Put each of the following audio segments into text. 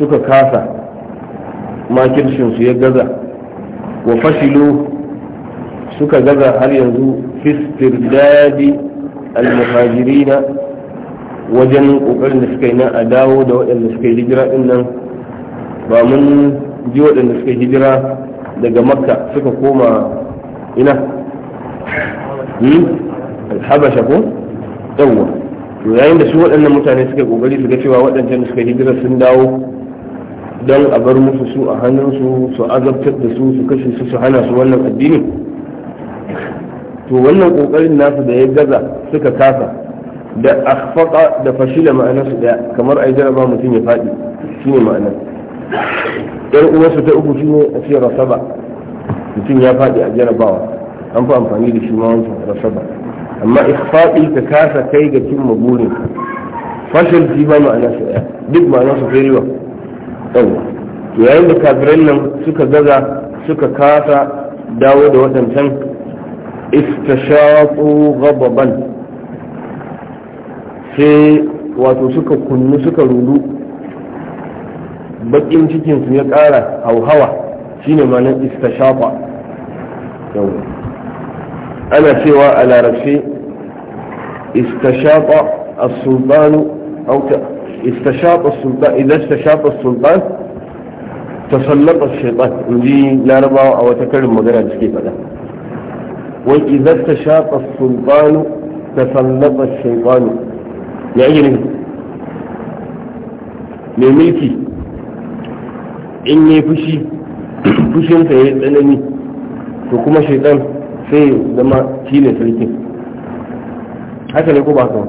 suka kasa makircinsu ya gaza wa fashilu suka gaza har yanzu fistirdadi almuhajirina wajen kokarin da suka yi na a dawo da waɗanda suka yi hijira ɗin nan ba mun ji waɗanda suka yi hijira daga makka suka koma ina hmm? habasha ko yawwa to yayin da su waɗannan mutane suka kokari su ga cewa waɗancan da suka hijira sun dawo don a bar musu su a hannunsu su azabtar da su su kashe su su hana su wannan addini to wannan kokarin nasu da ya gaza suka kasa da akhfaqa da fashila ma'anarsu daya kamar ai jaraba mutum ya fadi shine ma'ana. yar uwarsu ta uku shine a ce rasaba mutum ya fadi a jarabawa an fi amfani da shi ma wancan rasaba amma ikhfaɗi ka kasa kai ga cimma burin fashil shi ba ma'anarsu daya duk ma'anarsu sai riwa yayin da kafirin nan suka gaza suka kasa dawo da waɗancan istashaqu ghadaban sai wato suka kunnu suka rudu bakin cikinsu ya ƙara hauhawa shine ma'anar istashaqa yawa ana cewa a larabci istashaqa as-sultanu استشاط السلطان إذا استشاط السلطان تسلط الشيطان نجي لا ربا أو تكلم مجرد كيف هذا وإذا استشاط السلطان تسلط الشيطان يعني mai mulki in yi fushi fushinsa ya yi tsanani to kuma shaitan sai zama shi ne sarkin haka ne ko ba haka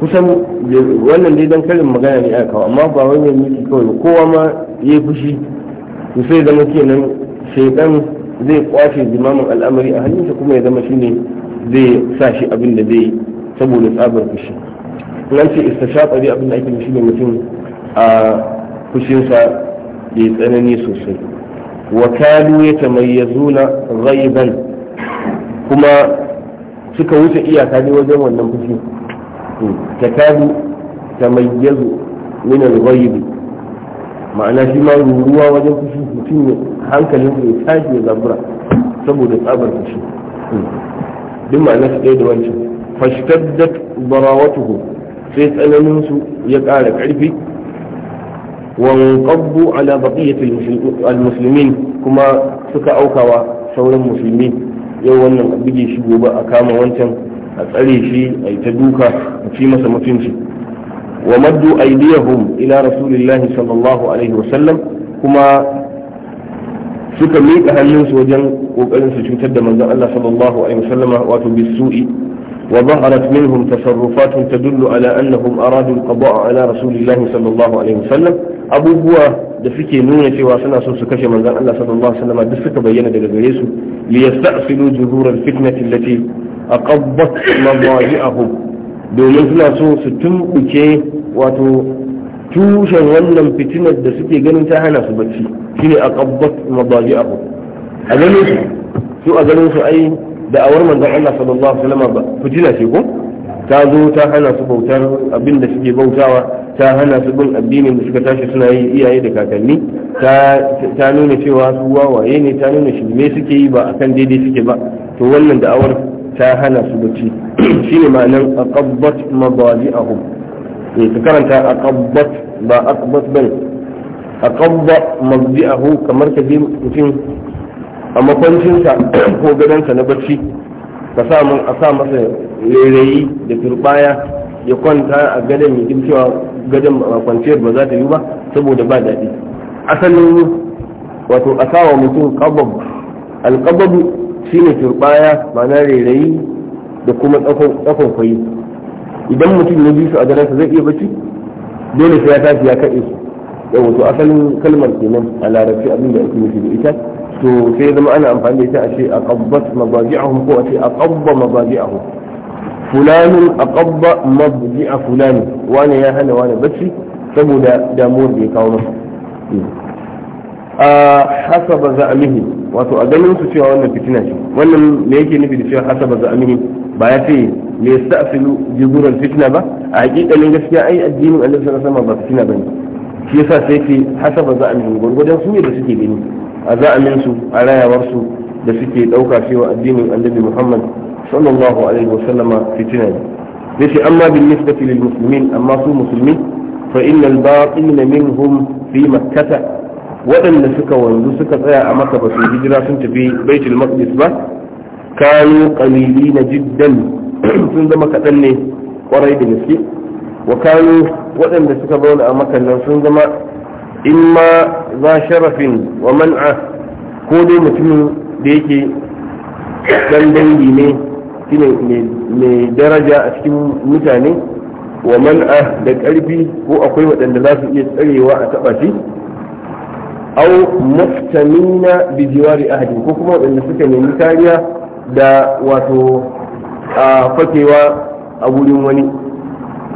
kusan wannan dai don karin magana ne aka amma ba wani mai miki kawai kowa ma ya fushi to sai zama kenan shaidan zai kwashe jimamin al'amari a hannunsa kuma ya zama shi ne zai sa shi abin da zai saboda tsabar fushi nan ce istashafa dai abin da ake shi ne mutum a fushinsa ya tsanani sosai wa kalu ya tamayyazuna ghaiban kuma suka wuce iyaka ne wajen wannan fushi takadu tamayyazu min al ma'ana shi ma ruruwa wajen kushi mutum ne hankalin ya tashi ya zabura saboda tsabar kushi duk ma'ana su ɗaya da wancan fashtaddat barawatuhu sai tsananin su ya ƙara ƙarfi qabbu ala baqiyati almuslimin kuma suka aukawa sauran musulmi yau wannan a bige shi gobe a kama wancan a tsare shi a yi ta duka a fi masa mutunci wa maddu aydiyahum ila rasulillahi sallallahu alaihi wasallam kuma suka miƙa hannunsu wajen ƙoƙarin su cutar da manzon Allah sallallahu alaihi wasallam wato bisu'i وظهرت منهم تصرفات تدل على أنهم أرادوا القضاء على رسول الله صلى الله عليه وسلم أبو بوا دفك نونة واسنا سوس كشي من ذن الله صلى الله عليه وسلم دفك بينا دقائيس ليستأصلوا جذور الفتنة التي أقضت مضاجئهم domin suna so su tumɓuke wato tushen wannan fitinar da suke ganin ta hana su bacci shine a kabbat mabaji abu a ganin su su a ganin su ai da'awar manzon Allah sallallahu alaihi wasallam ba fitina ce ko ta zo ta hana su bautar abin da suke bautawa ta hana su bin addinin da suka tashi suna yi iyaye da kakanni ta nuna cewa su wawaye ne ta nuna shi me suke yi ba akan daidai suke ba to wannan da'awar ta hana su bacci shine ma'anar aqabbat mabadi'ahum eh ka karanta aqabbat ba aqabbat bane aqabba mabdi'ahu kamar ka bi mutum a makwancinsa ko gadonsa na barci ka sa a sa masa rairayi da turbaya ya kwanta a gadon ya jin cewa gadon kwanciyar ba za ta yi ba saboda ba daɗi asalin wato a sa wa mutum kababu alkababu shine turbaya ma'ana rairayi da kuma tsakon kwayi idan mutum ya bi su a gadonsa zai iya bacci dole sai ya tashi ya kaɗe su yau wato asalin kalmar kenan a larabci abin da ake nufi da ita to sai zama ana amfani da ita a ce aqabbat mabaji'ahum ko a ce aqabba mabaji'ahum fulanun aqabba a fulani wani ya hana wani bacci saboda damuwar da ya kawo masa a hasaba mihi wato a ganin su cewa wannan fitina ce wannan me yake nufi da cewa hasaba mihi ba ya ce me filu jigurar fitina ba a hakikalin gaskiya ai addinin Allah sama alaihi ba fitina bane shi yasa sai za hasaba mihi gwargwadon su ne da suke gani a za'aminsu a rayawarsu da suke ɗauka cewa addinin annabi muhammad sallallahu alaihi sallama fitina ne yace amma bin nisbati lil muslimin amma su musulmi fa innal baqin minhum fi makkah waɗanda suka wanzu suka tsaya a maka ba su hijira sun tafi baitul maqdis ba kanu qalilina jiddan sun zama kaɗan ne kwarai da gaske wa kanu waɗanda suka zauna a makan nan sun zama ma za sharafin wa man'a ko dai mutumin da yake dan dangi ne shine mai daraja a cikin mutane wa man'a da ƙarfi ko akwai waɗanda za su iya tsarewa a taɓa shi au muftamina bi jiwari ahadin ko kuma waɗanda suka nemi kariya da wato a fakewa a wurin wani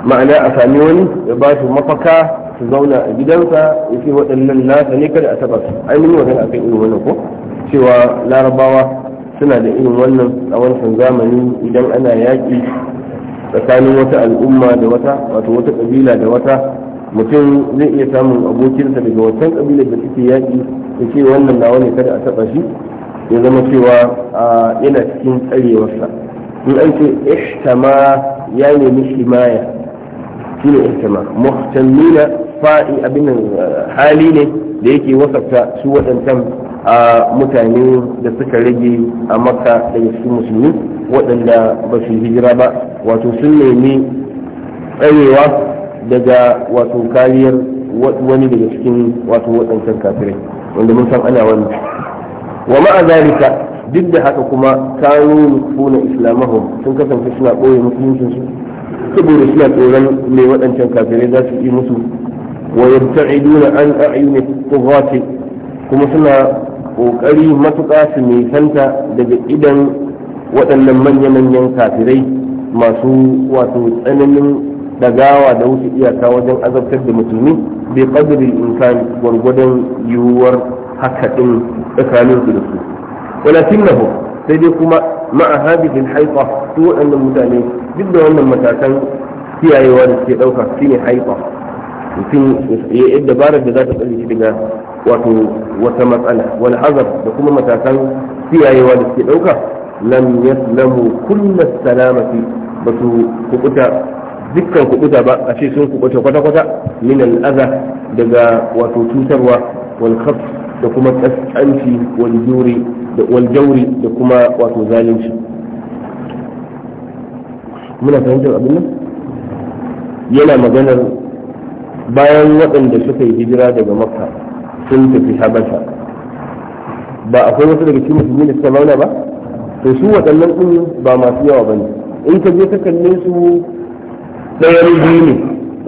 ma'ana a sami wani da ba su mafaka su zauna a gidansa ya ce waɗannan nasa ne kada a taɓa su ai mun yi magana akan irin wannan ko cewa larabawa suna da irin wannan a wancan zamani idan ana yaƙi tsakanin wata al'umma da wata wato wata ƙabila da wata mutum zai iya samun abokinsa daga wancan ƙabila da suke yaƙi ya ce wannan nawa ne kada a taɓa shi ya zama cewa yana cikin tsarewarsa in an ce ishtama ya nemi himaya shine ne ihtimam na fa'i abin hali ne da yake wasafta su waɗancan mutane da suka rage a makka daga cikin musulmi waɗanda ba su hijira ba wato sun nemi tsarewa daga wato kariyar wani daga cikin wato waɗancan kafirai wanda mun san ana wani wa ma'a zalika duk da haka kuma kanu na islamahu sun kasance suna ɓoye musuluncinsu saboda suna tsoron mai waɗancan kafirai za su yi musu wa iduna an a'yuni tughati kuma suna kokari matuƙa su santa daga idan waɗannan manya-manyan kafirai masu wato tsananin dagawa da wuce iyaka wajen azabtar da musulmi bai kadiri insani gwargwadon yiwuwar hakaɗin tsakanin su da su walakin na sai dai kuma ma'a hadhihi haifa su waɗannan mutane duk da wannan matakan kiyayewa da suke ɗauka shine haifa mutum ya yi dabarar da za ta tsare daga wato wata matsala wani hazar da kuma matakan kiyayewa da suke ɗauka lam yaslamu kulla salamati ba su kubuta dukkan kubuta ba a ce sun kubuta kwata-kwata min al'aza daga wato cutarwa wal da kuma kaskanci wal juri da waljauri da kuma wato zalunci muna fahimtar abin nan yana maganar bayan waɗanda suka yi hijira daga makka sun tafi habasha ba akwai wasu daga cikin musulmi da suka zauna ba to su waɗannan ɗin ba masu yawa ba ne in ka je ka kalle su ɗaya biyu ne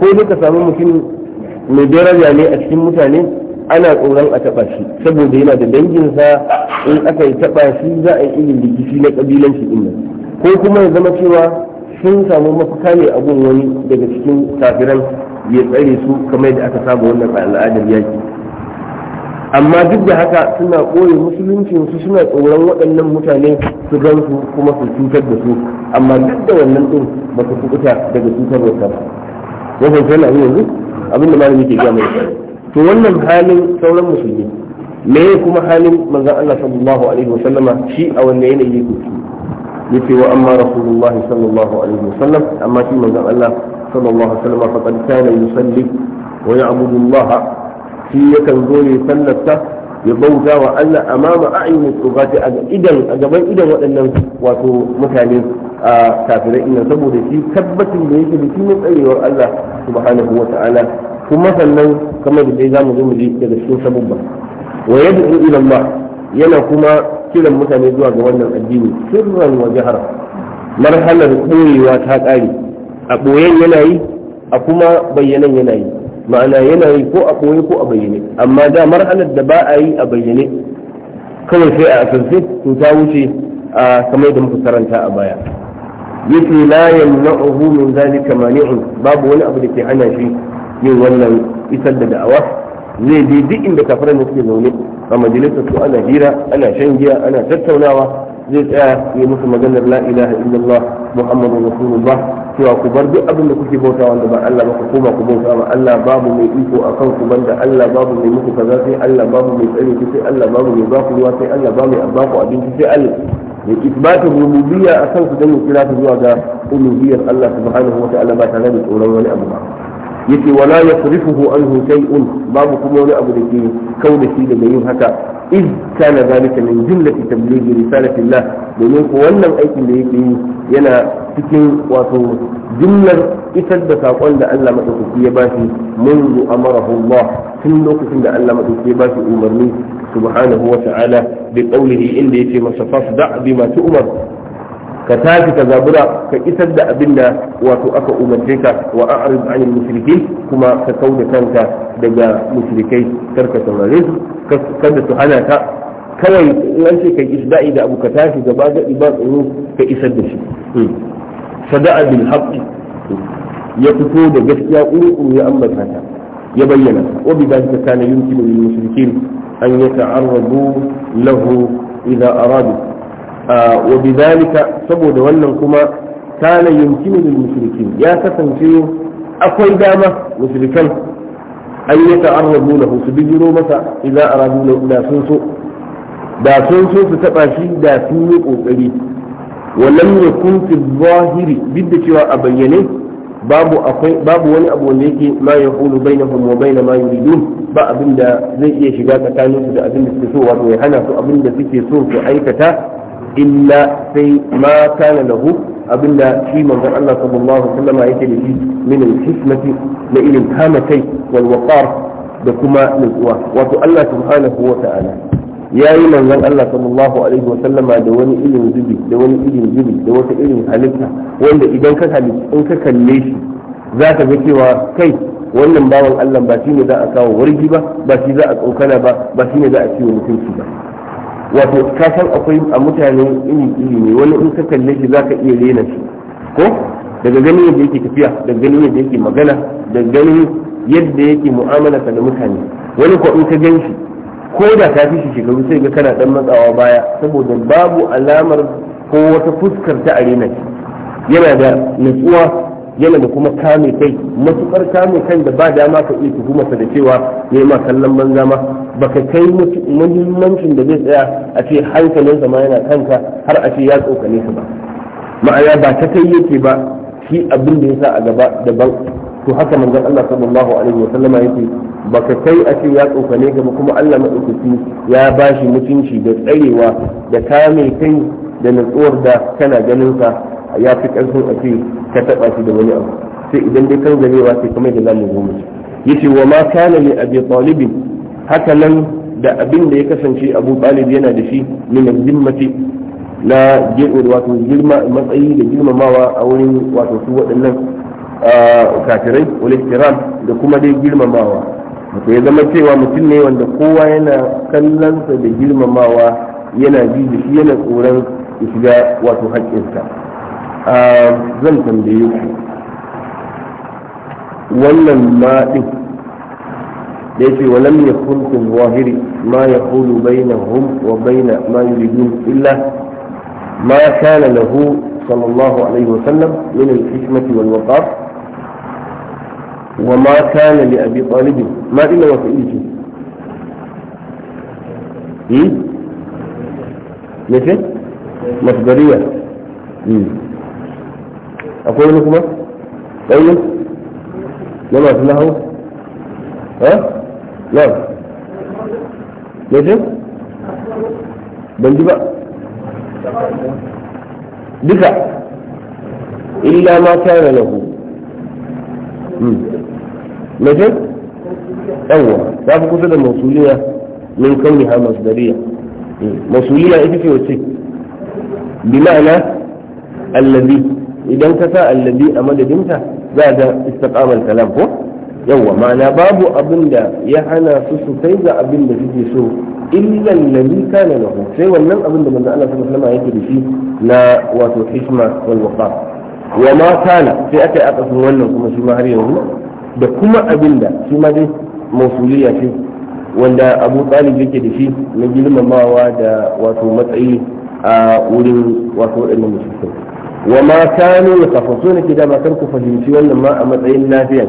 ko duka ka samu mutum mai daraja ne a cikin mutane ana tsoron a taɓa shi saboda yana da danginsa in aka yi taɓa shi za a yi irin rikici na ƙabilanci ɗin nan ko kuma ya zama cewa sun samu mafaka ne a gun wani daga cikin kafiran ya tsare su kamar yadda aka saba wannan al'adar yaki amma duk da haka suna ɓoye musuluncin su suna tsoron waɗannan mutane su gan su kuma su cutar da su amma duk da wannan ɗin ba su kuɓuta daga cutar da ba. Wajen sai na yanzu abinda malami ke gaya mai to wannan halin sauran musulmi me kuma halin manzon Allah sallallahu alaihi wasallama shi a wanne yanayi yake yace wa amma rasulullah sallallahu alaihi wasallam amma shi manzon Allah sallallahu alaihi wasallam faqad kana yusalli wa ya'budu Allah shi yakan zo ne sallarsa ya bauta wa Allah amama a'yunin tsogati a idan a gaban idan waɗannan wato mutane a kafirai ina saboda shi tabbacin da yake da shi matsayewar tsarewar Allah subhanahu wa ta'ala kuma sannan kamar da za mu zo mu je daga cikin sabubba wa yad'u ila Allah yana kuma kiran mutane zuwa ga wannan addini sirran wa jahara marhalar koyewa ta ƙare a ɓoyen yana yi a kuma bayyanan yana yi ma'ana yana yi ko a ɓoye ko a bayyane amma da marhalar da ba a yi a bayyane kawai sai a asirce to ta wuce a kamar da muka karanta a baya yake la yamna'uhu min zalika mani'un babu wani abu da ke hana shi yin wannan isar da da'awa zai je duk inda kafiran da suke zaune a majalisar su ana hira ana shan giya ana tattaunawa zai tsaya yi musu maganar la ilaha illallah muhammadu rasulullah cewa ku bar duk abin da kuke bauta wanda ba Allah ba ku koma ku bauta ba Allah babu mai iko akan ku banda Allah babu mai muku kaza sai Allah babu mai tsare ku sai Allah babu mai baku ruwa sai Allah babu mai baku abinci sai Allah ya isbata rububiyya akan ku dan ya kira ku zuwa ga uluhiyyar Allah subhanahu wa ta'ala ba tare da tsoron wani abu ba yake wala ya surifuhu an hussein babu kuma wani abu da ke kauna shi daga yi haka in kana jimla min jumla ta tabligi risalatillah domin ko wannan aikin da yake yi yana cikin wato jumlar isar da sakon da Allah madaukaki ya bashi min zu amarahu Allah tun lokacin da Allah madaukaki ya bashi umarni subhanahu wa ta'ala bi qawlihi inda yake masa fasda bi ma Umar. ka tashi ka zabura ka isar da abin da wato aka umarce ka wa a'rid anil kuma ka kauda kanka daga mushrikai kar ka saurare su kada su hana ka kawai in ce kai isda'i da abu ka tashi gaba ga ba tsoro ka isar da shi hmm. sada'a bil haqqi ya fito da gaskiya ƙuruƙuru ya ambata ta ya bayyana wa bi ta kana yumkinu lil mushrikin an yata'arrabu lahu idza aradu wa bidhalika saboda wannan kuma kana yumkinu lil mushrikin ya kasance akwai dama mushrikan an yi ta'arrabu lahu su bijiro masa idan aradu da sun da sun so su taba shi da sun yi kokari walam yakun fi zahiri bidda cewa a bayyane babu akwai wani abu wanda yake ma bai na bainahum wa baina ma yuridun ba abin zai iya shiga tsakanin su da abinda da suke so wato ya hana su abinda suke so su aikata illa sai ma kana lahu abinda shi manzon Allah sallallahu alaihi wasallam yake da shi min al-hikmati na ilin kamatai wal waqar da kuma nutsuwa wato Allah subhanahu wa ta'ala yayi manzon Allah sallallahu alaihi wasallam da wani ilin zubi da wani ilin zubi da wata irin halitta wanda idan ka kalli in ka kalle shi za ka ga cewa kai wannan bawan Allah ba shi ne za a kawo wargi ba ba shi za a tsokana ba ba shi ne za a ciwo mutunci ba wato ka san akwai a mutane iri iri ne wani in ka kalle shi zaka iya rena shi ko daga ganin yadda yake tafiya daga ganin yadda yake magana daga ganin yadda yake mu'amala da mutane wani ko in ka gan shi ko da ka fi shi shekaru sai ga kana dan matsawa baya saboda babu alamar ko wata fuskar ta arena shi yana da natsuwa yana da kuma kame kai matukar kame kan da ba dama ka iya sa da cewa yayi ma kallon banza ma baka kai muhimmancin da zai tsaya a ce hankalinsa ma yana kanka har a ce ya tsokane ka ba ma'ana ba ta kai yake ba shi abin da ya sa a gaba daban to haka manzon Allah sallallahu alaihi wa sallama yake baka kai a ce ya tsokane ka ba kuma Allah madaukaki ya bashi mutunci da tsarewa da kame kai da natsuwar da kana ganin sa ya fi karfin a ce ka taba shi da wani abu sai idan dai kan wa sai kuma da zamu zo mu yace wa ma kana li abi talib haka nan da abin da ya kasance abu talib yana da shi min zimmati na wato girma matsayi da girmamawa a wurin wato su waɗannan kafirai wal da kuma dai girmamawa wato ya zama cewa mutum ne wanda kowa yana kallonsa da girmamawa yana ji da shi yana tsoron shiga wato haƙƙinsa zan tambaye ku wannan ma'in da yake walam ya kulkun wahiri ma ya kulu baina hum wa baina ma yuridun illa ma kana lahu sallallahu alaihi wasallam min al-hikmati wal waqar wa ma kana li abi talib ma dina wa fi'lihi hmm nace masdariya hmm أقول لكم طيب لما نعم، في له ها نعم ليش بنجيب دفع إلا ما كان له ليش أول أيوة. تعرف كيف هذا موصولية من كونها مصدرية موصولية إيش في وسيك بمعنى الذي idan ka sa allazi a madadinta za ga istiqamal kalam ko yawa ma'ana babu abin da ya hana su su kai ga abin da suke so illa allazi kana lahu sai wannan abin da manzo Allah sallallahu alaihi wasallam yake da shi na wato hikma wal waqar wa ma kana sai aka yi akasin wannan kuma shi ma har yanzu da kuma abin da shi ma dai mausuliya ce wanda abu talib yake da shi na girmamawa da wato matsayi a wurin wato waɗannan musulmai wa ma kanu yatafasuna kida ba kar ku fahimci wannan ma a matsayin lafiya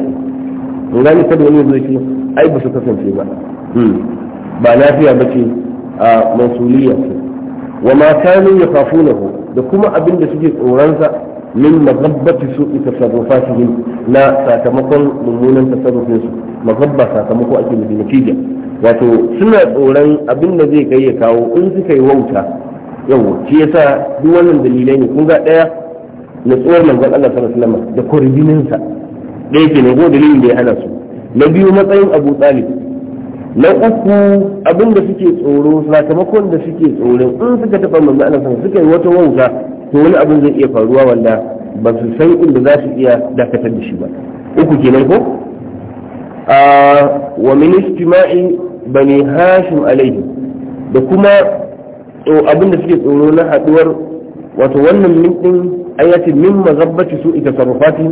Mun gani kada wani zuci ai ba su kasance ba ba lafiya ba ce a masuliyar. ce wa ma kanu ku da kuma abin da suke tsoronsa min magabbati su ita sarrafatihim na sakamakon mummunan tasarrufin su magabba sakamako ake nufi natija wato suna tsoron abin da zai kai ya kawo in suka yi wauta yau shi yasa duk wannan dalilai ne kun ga daya natsuwar manzon Allah sallallahu alaihi wasallam da kurbinin ɗaya ke ne dalilin da ya hana su na biyu matsayin Abu Talib na uku abin da suke tsoro sakamakon da suke tsoron in suka taɓa manzon Allah sallallahu suka yi wata wauta to wani abin zai iya faruwa wanda ba su san inda za su iya dakatar da shi ba uku kenan ko wa min istima'i bani hashim alaihi da kuma abin da suke tsoro na haduwar wato wannan min din ayati min mazabbati su ita sarrafati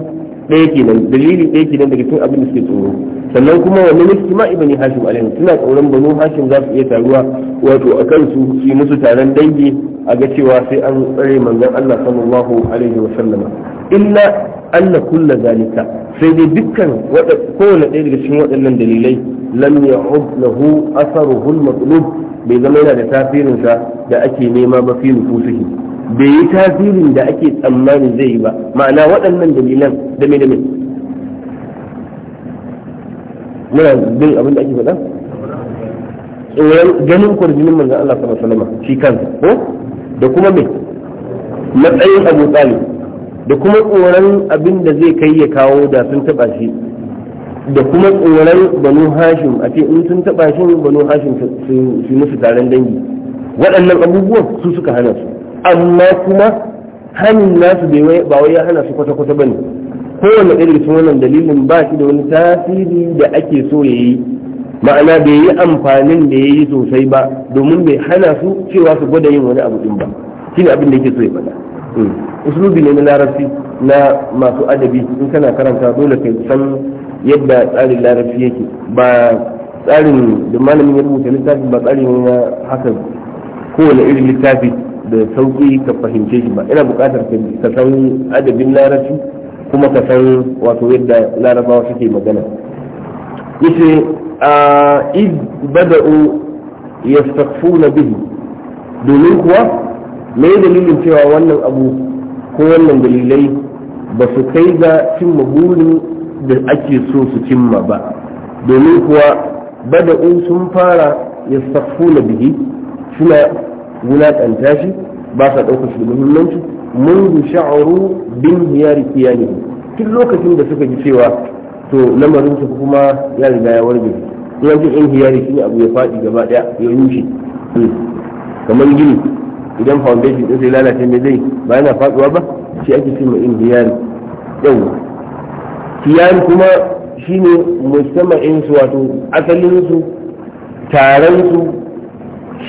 ɗaya kenan dalili ɗaya kenan daga cikin abin da suke tsoro sannan kuma wani miski ma ibani hashim alaihi suna tsoron banu hashim za su iya taruwa wato a kan su yi musu taron dangi a ga cewa sai an tsare manzon Allah sallallahu alaihi wa sallama illa anna kullu zalika sai dai dukkan kowane ɗaya daga cikin waɗannan dalilai lam ya'ud lahu asaruhu al-matlub bai zama yana da sa da ake nema ba fi nufusihi bai yi tasirin da ake tsammani zai yi ba ma'ana waɗannan dalilan da mai muna bin abin da ake faɗa tsoron ganin kwarjinin manzan Allah sama salama shi kansa ko da kuma me matsayin Abu Talib da kuma tsoron abin da zai kai ya kawo da sun taɓa shi da kuma tsoron banu hashim a ce in sun taɓa shi banu hashim su musu taron dangi waɗannan abubuwan su suka hana su amma kuma hannun nasu ba wai ya hana su kwata-kwata ba ne kowane irin sun wannan dalilin ba shi da wani tasiri da ake so ya yi ma'ana bai yi amfanin da ya yi sosai ba domin bai hana su cewa su gwada yin wani abu din ba shi ne abin da yake so ya faɗa hmm. usulubi ne na larabci na masu adabi in kana karanta dole kai san yadda tsarin larabci yake ba tsarin da malamin ya rubuta littafi ba tsarin ya haka kowane irin littafi da sauki ka fahimce shi ba ina buƙatar ka san adabin larabci kuma ka san wato yadda larabawa suke magana yace a id bada'u yastaghfuna bihi domin kuwa me dalilin cewa wannan abu ko wannan dalilai ba su kai ga cimma burin da ake so su cimma ba domin kuwa bada'u sun fara yastaghfuna bihi suna wulaƙanta shi ba sa ɗaukar shi da muhimmanci mun yi sha'aru bin hiyari kiyani tun lokacin da suka ji cewa to lamarin su kuma ya riga ya warge yanzu in hiyari shi ne abu ya faɗi gaba ɗaya ya rushe hmm. kamar gini idan foundation ɗin sai lalace ne zai ba yana faɗuwa ba shi ake cewa in hiyari yau kiyani kuma shine mujtama'in su wato asalin su taron su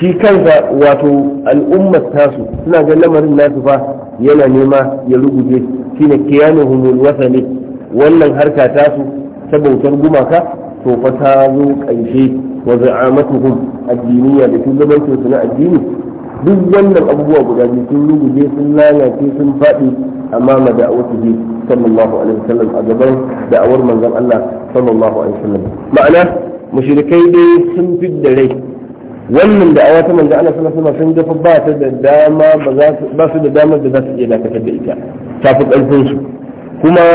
shi kansa wato al'ummar tasu suna ga lamarin nasu fa yana nema ya ruguje shine kiyanu humul ne. wannan harka tasu ta bautar gumaka to fa ta zo ƙarshe wa za'amatuhum addiniya da shugabancin su na addini duk wannan abubuwa guda biyu sun ruguje sun lalace sun faɗi amma ma da'awatu sallallahu alaihi wasallam a gaban da'awar manzon Allah sallallahu alaihi wasallam ma'ana mushrikai dai sun fidda rai wannan da awa ta manzo Allah sallallahu alaihi wasallam sun ga ba da dama ba za su ba su da dama da za su iya dakatar da ita ta fi karfin su kuma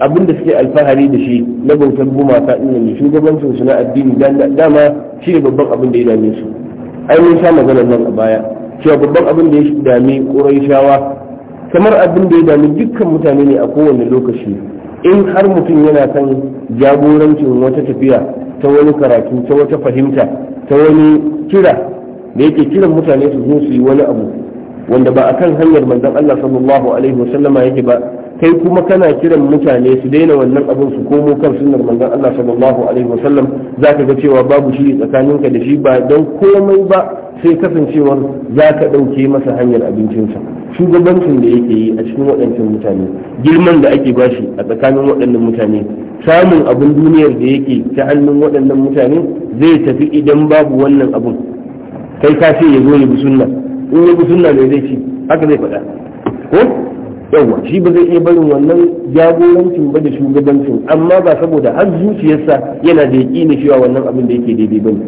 abin da suke alfahari da shi na bautar gumaka din ne shugabancin su na addini dama shi ne babban abin da ya dame su ai mun sha maganar nan a baya cewa babban abin da ya dame Qurayshawa kamar abin da ya dame dukkan mutane ne a kowane lokaci in har mutum yana kan jagorancin wata tafiya ta wani karatu ta wata fahimta ta wani kira da yake kiran mutane su zo su yi wani abu wanda ba a kan hanyar manzon Allah sallallahu alaihi wasallama yake ba kai kuma kana kiran mutane su daina wannan abin su komo kan sunnar manzon Allah sallallahu alaihi wasallam zaka ga cewa babu shi ka da shi ba dan komai ba sai kasancewar zaka dauke masa hanyar abincinsa shugabancin da yake yi a cikin waɗancan mutane girman da ake bashi a tsakanin waɗannan mutane samun abin duniyar da yake ta hannun waɗannan mutane zai tafi idan babu wannan abin kai ka ce ya zo ya bi sunna in ya bi sunna ne zai ci haka zai faɗa ko yawa shi ba zai iya barin wannan jagorancin ba da shugabancin amma ba saboda har zuciyarsa yana da yaƙi ne cewa wannan abin da yake daidai bane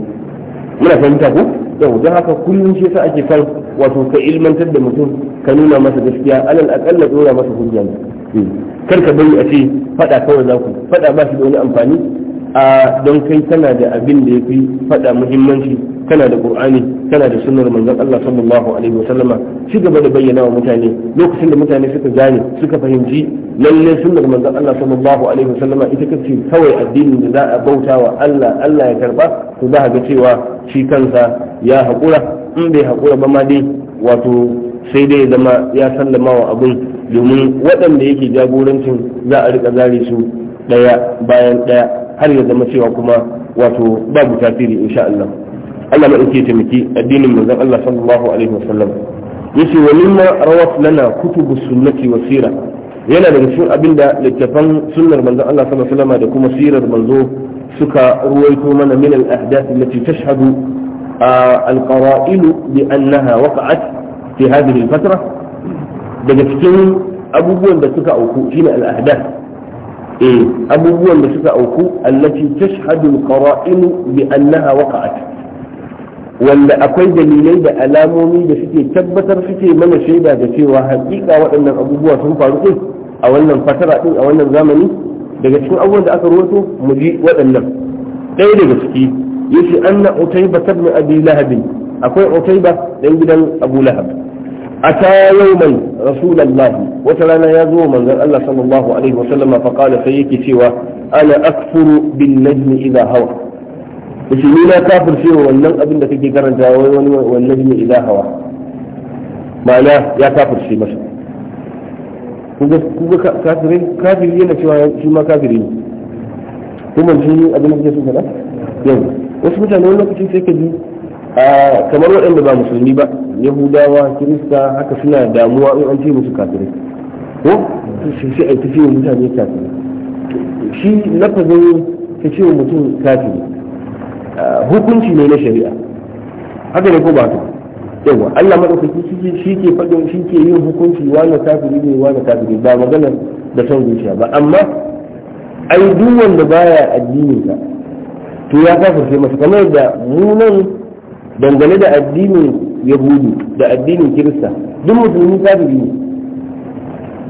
muna fahimta ko yau don haka kullum shi yasa ake kan wato ka ilmantar da mutum ka nuna masa gaskiya alal akalla dora masa hujja ne. Hmm. kar ka bari a ce faɗa kawai za ku fada ba shi da wani amfani a don kai kana da abin da ya fi faɗa muhimmanci kana da qur'ani kana da sunnar manzon Allah sallallahu alaihi wasallama ci gaba da bayyana wa mutane lokacin da mutane suka gane suka fahimci lalle sunnar manzon Allah sallallahu alaihi wasallama ita kace kawai addinin da za a bauta wa Allah Allah ya karba to za ga cewa shi kansa ya haƙura in bai haƙura ba ma dai wato sai dai zama ya sallama wa abun domin waɗanda yake jagorancin za a rika zare su ɗaya bayan ɗaya har ya zama cewa kuma wato babu tasiri insha Allah Allah madauki taimaki addinin manzon Allah sallallahu alaihi wasallam yace wa mimma rawat lana kutubu sunnati wa sira yana daga cikin abinda littafan sunnar manzon Allah sallallahu alaihi wasallam da kuma sirar manzo suka ruwaito mana min al ahdath allati tashhadu al qara'il bi annaha waqa'at fi hadhihi al fatra daga cikin abubuwan da suka auku shine al ahdath eh abubuwan da suka auku allati tashhadu al qara'il bi annaha waqa'at wanda akwai dalilai da alamomi da suke tabbatar suke mana shaida da cewa hakika waɗannan abubuwa sun faru ɗin a wannan fatara ɗin a wannan zamani daga cikin abubuwan da aka rawaito mu ji waɗannan ɗaya daga ciki yace anna utayba ibn abi lahab akwai utayba dan gidan abu lahab ata yawman rasulullah wata rana ya zo manzon Allah sallallahu alaihi wasallama fa qala sai yake cewa ana akfuru bin najmi idha hawa yace ni na kafirce wa wannan abin da kake karanta wai wani wallahi ne ilahawa ma'ana ya kafin masa kuga kuga kafiri kafiri yana cewa shi ma kafiri ne kuma shi abin da kake so kana yau wasu mutane wani lokaci sai ka ji kamar waɗanda ba musulmi ba yahudawa kirista haka suna damuwa in an ce musu kafirai ko sai a yi tafi mutane kafirai shi lafazin ka ce wa mutum kafiri hukunci ne na shari'a haka ne ko ba ta yawa Allah madaukaki shi shi fadin shi ke yin hukunci wani kafiri ne wani kafiri ba maganar da son zuciya ba amma ai duk wanda baya addinin ka to ya kafirce masa kamar da mu nan dangane da addinin yahudu da addinin kirista duk musulmi kafiri ne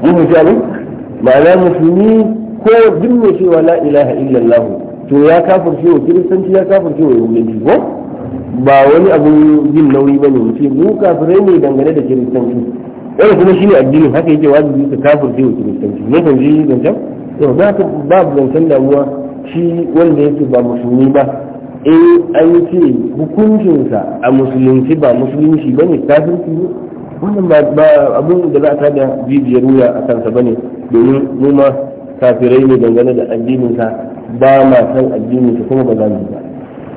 mun misali ma'ana musulmi ko duk mai cewa la ilaha illallah to ya kafirce wa kiristanci ya kafirce wa yahudanci ko ba wani abu yin nauyi ba ne mutum mu kafirai ne dangane da kiristanci wani kuma ne addinin haka yake wajibi su kafirce wa kiristanci ne kan ji zancen yau ba ka ba zancen damuwa shi wanda yake ba musulmi ba in an ce hukuncinsa a musulunci ba musulunci ba ne kafirci ne wannan ba abun da za a tada jijiyar wuya a kansa ba ne domin mu ma kafirai ne dangane da addininsa ba ma san addini ka kuma ba za mu ba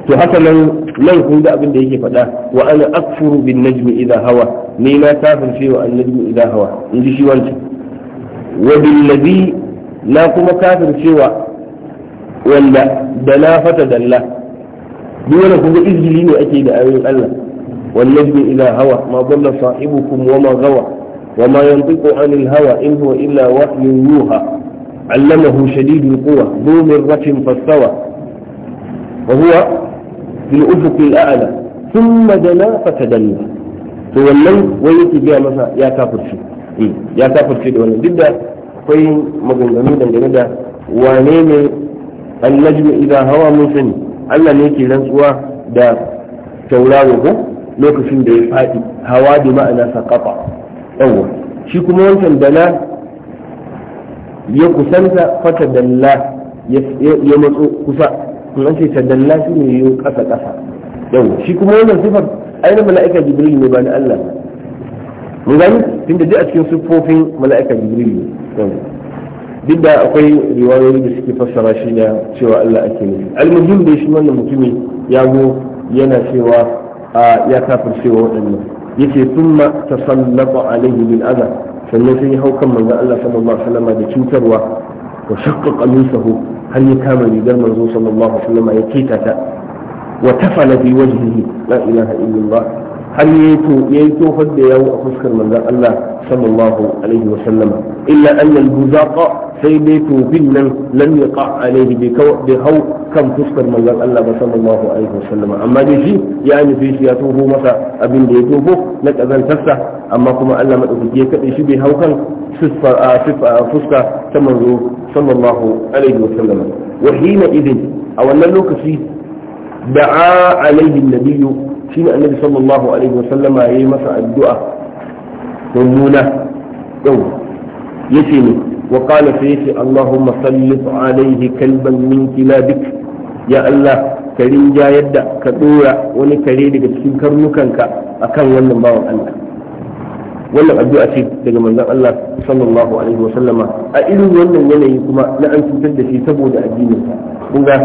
to haka nan nan kun ga abin da yake faɗa wa ana akfuru bin najmi idha hawa ni na shi wa an najmi idha hawa in ji shi wancan wa bil ladhi na kuma shi wa wanda da na fata dalla duk wanda kun ga izgili ne ake da ayoyin Allah wa najmi idan hawa ma dalla sahibukum wa ma gawa wa ma yantiqu anil hawa in huwa illa wahyun yuha علمه شديد القوى ذو مرة فاستوى وهو في الأفق الأعلى ثم دنا فتدلى to wannan wai yake biya masa ya kafirce eh, ya kafirce da wannan duk da akwai maganganu dangane da wane ne annajmu idan hawa mun sani Allah ne yake rantsuwa da tauraro ko lokacin da ya faɗi hawa bi ma'ana saqata yawa shi kuma wancan dana ya kusanta fata dalla ya matso kusa ce ta dalla shi ne yau kasa kasa yau shi kuma wannan sifar ainihin mala'ika jibril ne ba na Allah mun gani tun da a cikin siffofin mala'ika jibril ne duk da akwai riwayoyi da suke fassara shi da cewa Allah ake nufi almuhim da shi wannan mutumin ya go yana cewa ya cewa waɗannan yace thumma tasallaba alaihi bil adha sannan sai ya hau kan manzon Allah sallallahu alaihi wasallam da cutarwa wa shaqqa qamisahu har ya kama rigar manzo sallallahu alaihi wasallam ya keta ta wa tafala bi wajhihi la ilaha illallah har ya yi yayi tofar da yawo a fuskar manzon Allah sallallahu alaihi wa sallam illa anna al-buzaqa sai dai tofin nan lam yaqa alaihi bi hau kan fuskar manzon Allah ba sallallahu alaihi wa sallam amma dai shi ya nufi shi ya toho masa abin da ya toho na kazantarsa amma kuma Allah madaukaki ya kade shi bi hau kan fuska ta manzo sallallahu alaihi wa sallam wa hina idin a wannan lokaci da'a alaihi nabiyyu shine annabi sallallahu alaihi wasallama yayi masa addu'a mummuna yau yace ne wa qala sai yace allahumma sallit alaihi kalban min kilabik ya allah ka rinja yadda ka dora wani kare daga cikin karnukanka a kan wannan bawan Allah wannan addu'a ce daga manzon Allah sallallahu alaihi wasallama a irin wannan yanayi kuma na an cutar da shi saboda addinin kun ga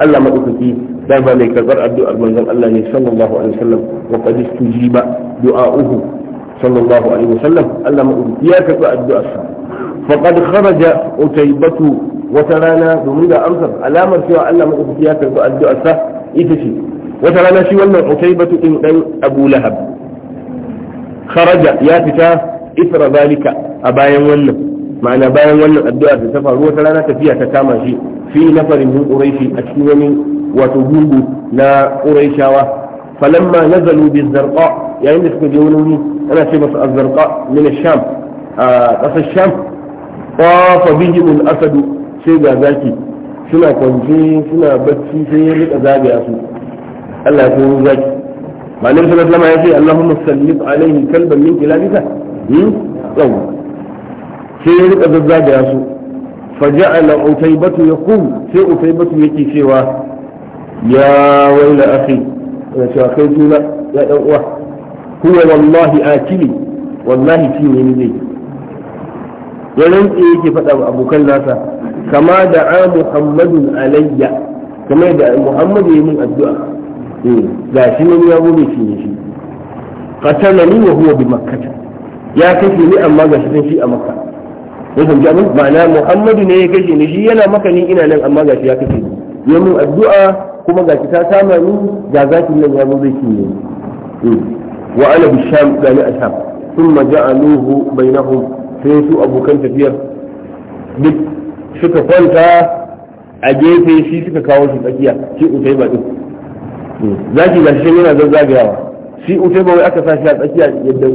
Allah madaukaki dama mai karbar addu'ar manzon Allah ne sallallahu alaihi wasallam wa qad istujiba du'a'uhu sallallahu alaihi wasallam Allah madaukaki ya karbi addu'ar sa kharaja utaybatu wata rana domin da amsar alamar cewa Allah madaukaki ya karbi addu'ar sa ita ce wata rana shi wannan utaybatu din dan Abu Lahab kharaja ya fita isra zalika a bayan wannan ma'ana bayan wannan addu'ar da ta faru wata rana tafiya ta kama shi fi nafarin min quraishi a cikin wani wato gungu na quraishawa falamma nazalu bi zarqa yayin da suka je wani wuri ana ce masa az-zarqa min ash-sham a kasar sham qafa bihim al-asad sai ga zaki suna kwance suna bacci sai ya rika zagaya su Allah ya so zaki ma'anar sallallahu alaihi wasallam ya ce Allahumma sallib alaihi kalban min kilabika yawa sai ya rika zazzagaya su faja'ala utaybatu yaqul sai utaybatu yake cewa ya waila akhi ya cewa kai tuna ya dan uwa huwa wallahi akili wallahi shi ne ni zai ya rantse yake faɗa wa abokan nasa kama da a Muhammadu alayya kama da muhammadu ya min addu'a eh, ga shi nan ya gobe shi ne shi qatalani wa huwa bi makkah ya kashe ni amma ga shi shi a makka ya fahimci abin ma'ana muhammadu ne ya kashe ni shi yana maka ni ina nan amma gashi ya kashe ni ya mun addu'a kuma gashi ta kama ni ga zafin nan ya zo zai cinye hmm. wa ana bisham gani a sham ثم جعلوه بينهم sai su abokan tafiyar duk suka kwanta a gefe shi suka kawo shi tsakiya shi utai ba din hmm. zaki gashi yana zazzagayawa shi utaiba wai aka sa shi a tsakiya yadda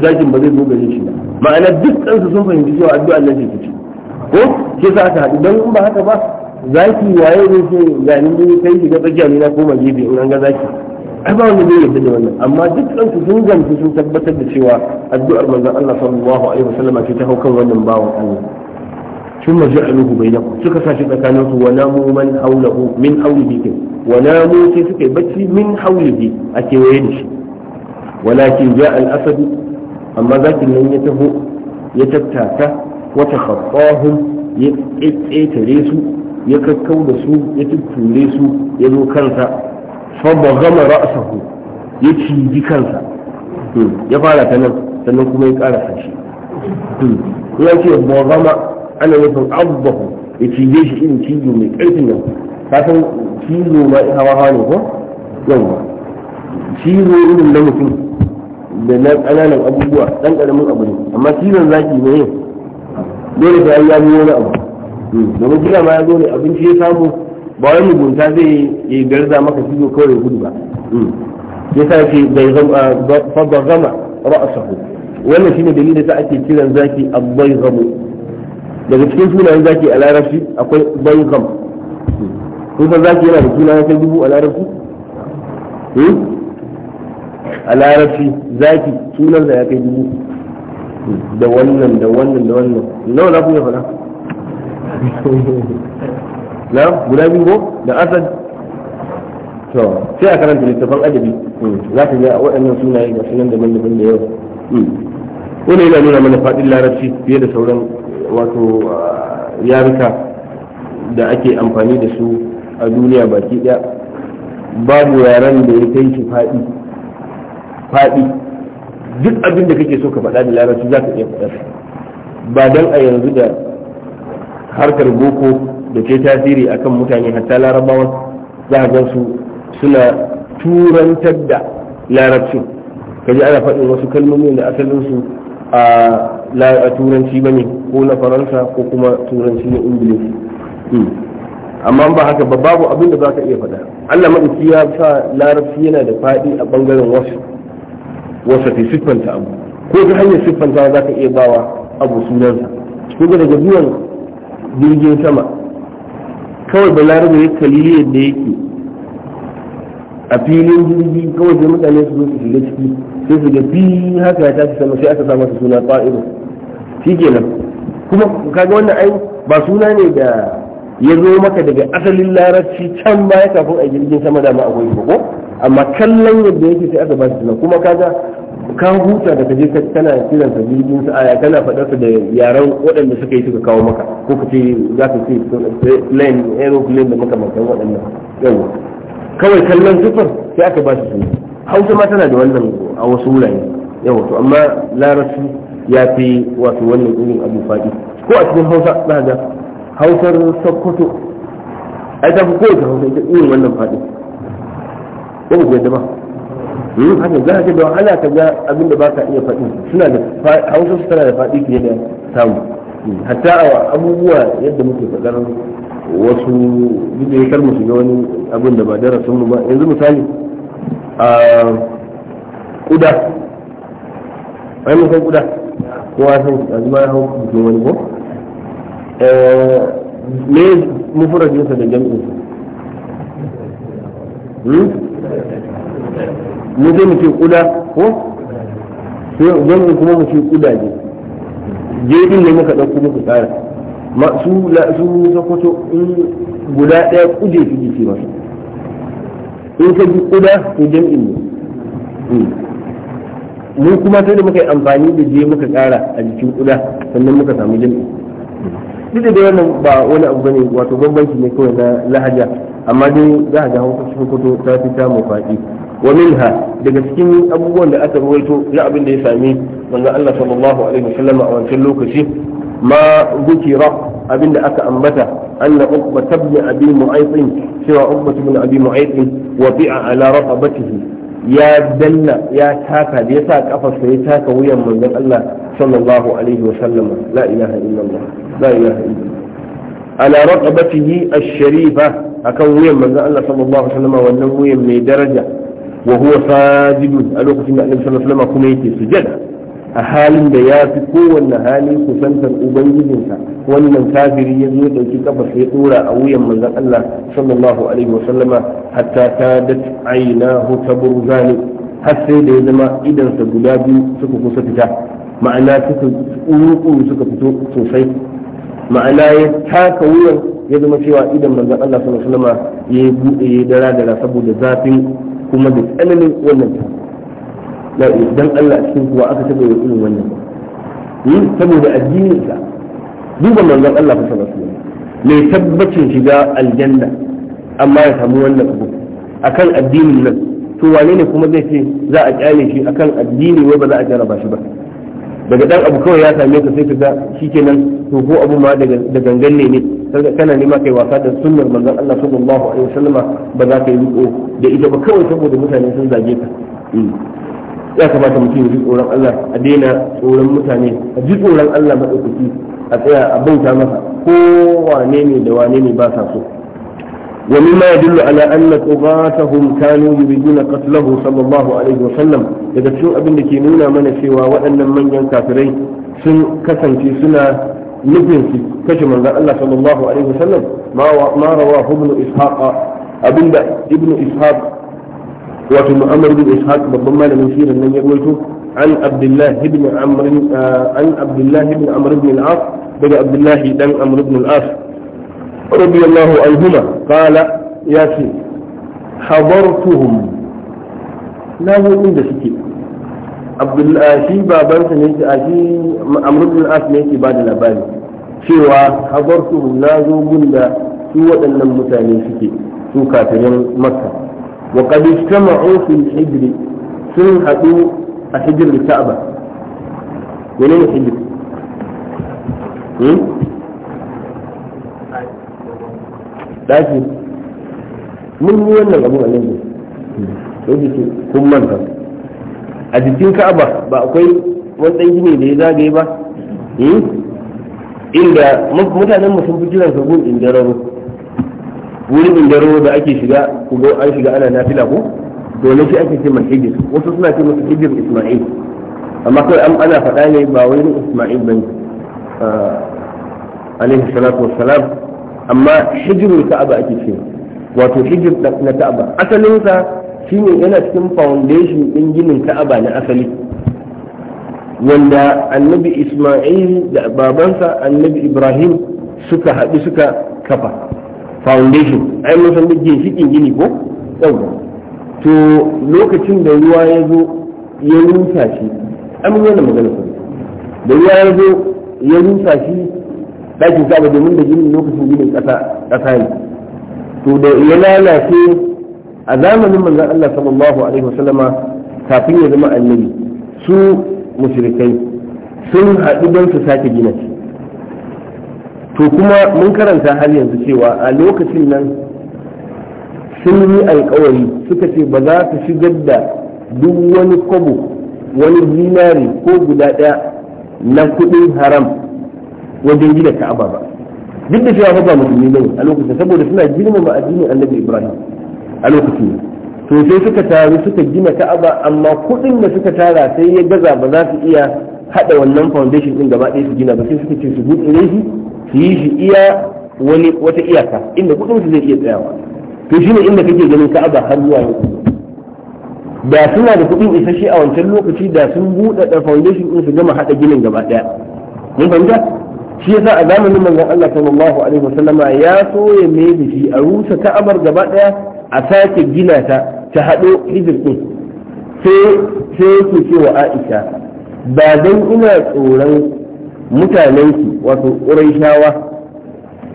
gashin ba zai zo gare shi ba ma'ana duk ɗansu sun fahimci cewa addu'a nan ce ta ce ko ke sa aka haɗu don in ba haka ba zaki waye zai ce ga ni ne kai shiga tsakiya ne na koma gefe in an ga zaki ai ba wanda zai yarda da wannan amma duk ɗansu sun gamsu sun tabbatar da cewa addu'ar manzon Allah sallallahu alaihi wasallam ce ta hau kan wannan bawan Allah ثم جعلوه بينكم suka sashi tsakanin su wa namu man hawlahu min hawlihi wa namu sai suka yi bacci min hawlihi a kewaye da shi walakin ja al-asadu amma zakin nan ya taho ya tattaka wata khaffahum ya ƙetare su ya kakkau su ya tutture su ya zo kansa fa gama ra'sahu ya ciji kansa hmm, ya fara ta kuma ya ƙara shi ya hmm, ce gama ana nufin abubuwa shi irin mai ƙarfin kasan hawa ko irin na mutum da na ƙananan abubuwa ɗan ƙaramin abu ne amma cizon zaki ne dole sai ya yi wani abu hmm. domin kira ma ya zo ne abinci ya samu ba wani mugunta zai yi garza maka cizo kawai gudu ba hmm. ya sa ce bai zama ah, ra'asahu wannan shine dalilin da ake kiran zaki a bai zamo daga cikin sunayen zaki a larabci akwai bai zam hmm. kun zaki yana da sunayen kai dubu a larabci a larabci zaki sunan da ya kai dubu da wannan da wannan da wannan nawa na kuma fada na guda biyu ko da asad to sai a karanta littafan adabi hmm. za ka ga waɗannan sunaye ga sunan daban-daban da yau hmm. wani yana nuna mana faɗin larabci fiye da sauran wato uh, yaruka da ake amfani da su a duniya baki ɗaya babu yaren da ya kai shi faɗi faɗi duk abin da kake so ka faɗa da larabci za ka iya faɗa ba dan a yanzu da harkar boko da ke tasiri akan mutane hatta larabawa za a su suna turantar da larabcin kaji ana faɗin wasu kalmomi da asalinsu a turanci ba ne ko na faransa ko kuma turanci na hmm. amma ba haka ba babu abin da za ka iya faɗa allah maɗauki ya sa larabci yana da faɗi a ɓangaren wasu wasafi siffanta abu ko ta hanyar siffanta za ka iya bawa abu sunansa ko daga zuwan jirgin sama kawai da ya kalli yadda yake a filin jirgi kawai da mutane su zo su shiga ciki sai su ga bi haka ya tashi sama sai aka sa masa suna fa'iru shi kenan kuma kaga wannan ai ba suna ne da ya zo maka daga asalin larabci can baya kafin a jirgin sama da ma'a akwai ko amma kallon yadda yake sai aka ba shi kuma kaga ka huta da kaje tana kiran sa jirgin sa aya kana faɗar su da yaran waɗanda suka yi suka kawo maka ko ka ce za ka ce plane aeroplane da maka waɗannan yawa kawai kallon sifar sai aka ba shi suna hausa ma tana da wannan a wasu wurare yawa to amma larabci ya fi wato wannan irin abu faɗi ko a cikin hausa za ga hausar sokoto ai ta fi ta hausa ita irin wannan faɗi ko ku yadda ba yin hmm, haka za ka da wahala ta ga abinda ba ka iya faɗi suna da hausa su tana da faɗi fiye da samu hmm, hatta a abubuwa yadda muke faɗar wasu duk da ya kar ga wani abin da ba darasin mu ba yanzu misali a kuda ai mun san kuda kowa san yanzu ya hau bikin wani ko Eh, me mufurar jinsa da jam'in hmm? mu zai mu ce kuda ko jam'in kuma mu ce kuda ne jirgin ne muka ɗauko muku tsara su su sokoto in guda ɗaya kuje su jiki masu in ka bi kuda to jam'in ne hmm. mu kuma sai da muka yi amfani da je muka tsara a jikin kuda sannan muka samu jam'in duk da wannan ba wani abu bane wato bambanci ne kawai na lahaja amma dai lahaja a ga hukuto ta fi mu faɗi wa minha daga cikin abubuwan da aka ruwaito na abin da ya sami manzon Allah sallallahu alaihi wasallam a wancan lokaci ma zikira abin da aka ambata anna uqba ibn abi mu'ayth cewa uqba ibn abi mu'ayth wa bi'a ala raqabatihi ya danna ya taka da ya sa kafarsa ya taka wuyan manzon Allah sallallahu alaihi wa sallama la ilaha illallah la ilaha illallah ala raqabatihi ash-sharifa akan wuyan manzon Allah sallallahu alaihi wa sallama wannan wuyan mai daraja wa huwa sajidun a lokacin da Annabi sallallahu alaihi wa sallama kuma yake sujada a halin da ya fi kowanne hali kusantar ubangijinsa wannan kafiri ya zo dauki kafa sai dora a wuyan manzon Allah sallallahu alaihi wasallama hatta ta aina ainahu taburzani har sai da ya zama idansa guda biyu suka kusa fita ma'ana suka tsuru suka fito sosai ma'ana ya taka wuyan ya zama cewa idan manzon Allah sallallahu alaihi wasallama ya bude ya dara dara saboda zafin kuma da tsananin wannan la dan Allah cikin kuwa aka taɓa yin irin wannan ba hmm? saboda addininsa duba manzon Allah fa sallallahu alaihi mai tabbacin shiga aljanna amma ya samu wannan abu akan addinin nan to wane ne kuma zai ce za a kyale shi akan addini wai ba za a jaraba shi ba daga dan abu kawai ya same ka sai ka ga shikenan to ko abu ma da gangan ne ne kana nema kai wasa da sunnar manzon Allah sallallahu alaihi wasallama ba za ka yi riko da ita ba kawai saboda mutane sun zage ka hmm. ya kamata mutum ya ji tsoron Allah a daina tsoron mutane a ji tsoron Allah maɗaukaki a tsaya a bauta masa ko wane ne da wane ne ba sa so ومما يدل على أن طغاتهم كانوا يريدون قتله صلى الله عليه sallam daga cikin abin da ke nuna mana cewa waɗannan manyan kafirai sun kasance suna nufin su kashe manzon Allah sallallahu alaihi sallam ma rawahu ibn ishaq abinda ibn ishaq wato mu'amar bin ishaq babban malamin sirar nan ya rawaito an abdullahi ibn amr ah, an abdullahi ibn amr ibn al-as daga abdullahi dan amr ibn al-as radiyallahu anhuma qala yace hadartuhum na zo inda suke abdullahi ah, babansa ne yake ah, ashi amr ibn al-as ne yake ba da labari cewa hadartuhum na zo gunda su waɗannan mutane suke su kafirin makka وقد اجتمعوا في الحجر سن sun hadu a hijr الحجر wani mun yi wannan abu a nan ne kun manta a jikin ka'aba ba akwai wani dan da ya zagaye ba inda mutanen mu sun fi jiran sa wurin indaro da ake shiga ku ga an shiga ana nafila ko to shi ake ce mai hijir wasu suna ce masa hijir isma'il amma kai an ana faɗa ne ba wai isma'il bane ah, alaihi salatu wassalam amma hijirul ka'aba ake ce wato hijir na ka'aba asalin sa shine yana cikin foundation din ginin ka'aba na asali wanda annabi isma'il da babansa annabi ibrahim suka haɗu suka kafa foundation a mun san duk ginshikin gini ko yawa to lokacin da ruwa ya zo ya rusa shi an yi wani magana ku da ruwa ya zo ya rusa shi dakin kaba domin da ginin lokacin ginin kasa ne to da ya lalace a zamanin manzan Allah sallallahu alaihi wasallama kafin ya zama annabi su mushrikai sun haɗu don su sake gina shi to kuma mun karanta har yanzu cewa a lokacin nan sun yi alkawari suka ce ba za su shigar da duk wani kwabo wani zinari ko guda ɗaya na kuɗin haram wajen gina ka'aba ba duk da cewa ba musulmi ne a lokacin saboda suna girmama addinin annabi ibrahim a lokacin to sai suka taru suka gina ka'aba amma kuɗin da suka tara sai ya gaza ba za su iya haɗa wannan foundation ɗin gaba ɗaya su gina ba sai suka ce su buɗe shi su yi shi iya wani wata iyaka inda kudin su zai iya tsayawa to shi ne inda kake ganin ka'aba har zuwa yau da suna da kudin isasshe a wancan lokaci da sun buɗe da foundation din su gama hada ginin gaba daya mun fahimta shi yasa a zamanin manzon Allah sallallahu alaihi wasallama ya so ya mai shi a rusa ka'abar gaba daya a sake gina ta ta hado hijir din sai sai yake cewa Aisha ba dan ina tsoron mutanenki wato ƙuraishawa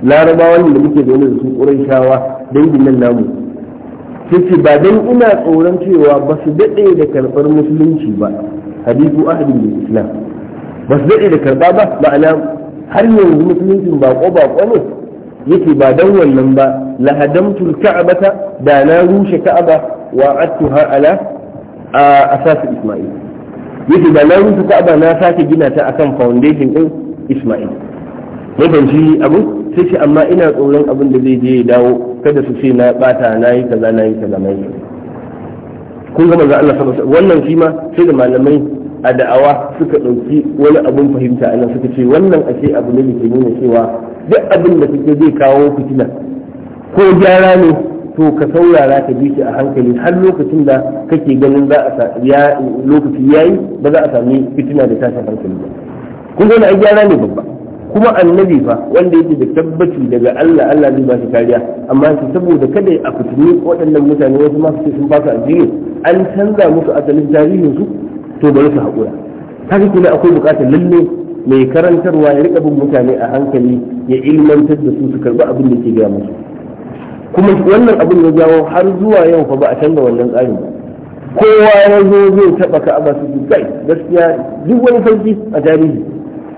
larabawan da muke zaune da su ƙuraishawa dangin nan namu sai ba dan ina tsoron cewa ba su daɗe da karɓar musulunci ba hadisu ahadin da islam ba su daɗe da karɓa ba ma'ana har yanzu musuluncin bako bako ne yake ba dan wannan ba lahadamtul ka'abata da na rushe ka'aba wa attuha ala asasi isma'il yake da na rufe ka'aba na sake gina ta akan foundation din isma'il ya fahimci abu sai ce amma ina tsoron abin da zai je ya dawo kada su ce na bata na yi kaza na yi kaza na yi kun ga manzo Allah sallallahu alaihi wannan shi ma sai da malamai a da'awa suka ɗauki wani abun fahimta a nan suka ce wannan ashe abu ne da ke nuna cewa duk abin da kake zai kawo fitina ko gyara ne to ka saurara ka bi shi a hankali har lokacin da kake ganin za a ya yi ba za a sami fitina da tashin hankali ba kun ga ai gyara ne babba kuma annabi fa wanda yake da tabbaci daga Allah Allah zai ba shi kariya amma shi saboda kada a fitini waɗannan mutane wasu ma su sun fasa addini an canza musu asalin tarihin su to bari su haƙura kaga kuma akwai buƙatar lalle mai karantarwa ya riƙa bin mutane a hankali ya ilmantar da su su karɓi abin da ke gaya musu kuma wannan abin ya jawo har zuwa yau fa ba a canza wannan tsarin ba kowa ya zo zai taba ka'aba su kai gaskiya duk wani sarki a tarihi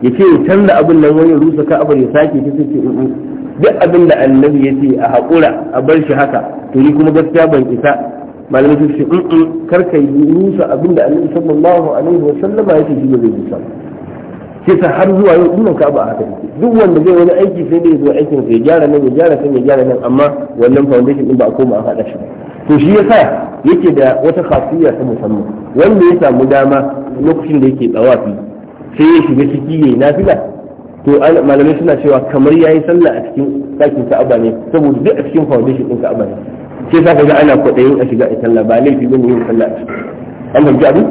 ya ce ya canza abin nan wani rusa ka'abar ya sake ta ce duk abin da annabi ya ce a haƙura a bar shi haka to ni kuma gaskiya ban isa malamai su ce kar ka yi rusa abin da annabi sallallahu alaihi wa sallama ya ce shi ba zai isa kisa har zuwa yau dinnan ka ba haka take duk wanda zai wani aiki sai dai zo aikin sai gyara nan ya gyara sai ya gyara nan amma wannan foundation din ba a koma a hada shi to shi yasa yake da wata khasiyya ta musamman wanda ya samu dama lokacin da yake tsawafi sai ya shiga ciki yayi nafila to malamai suna cewa kamar yayi sallah a cikin ɗakin ka'aba ne saboda duk a cikin foundation din ka'aba ne sai za ka ga ana kwaɗayin a shiga a sallah ba laifi bane yin sallah a cikin ciki an fahimci abin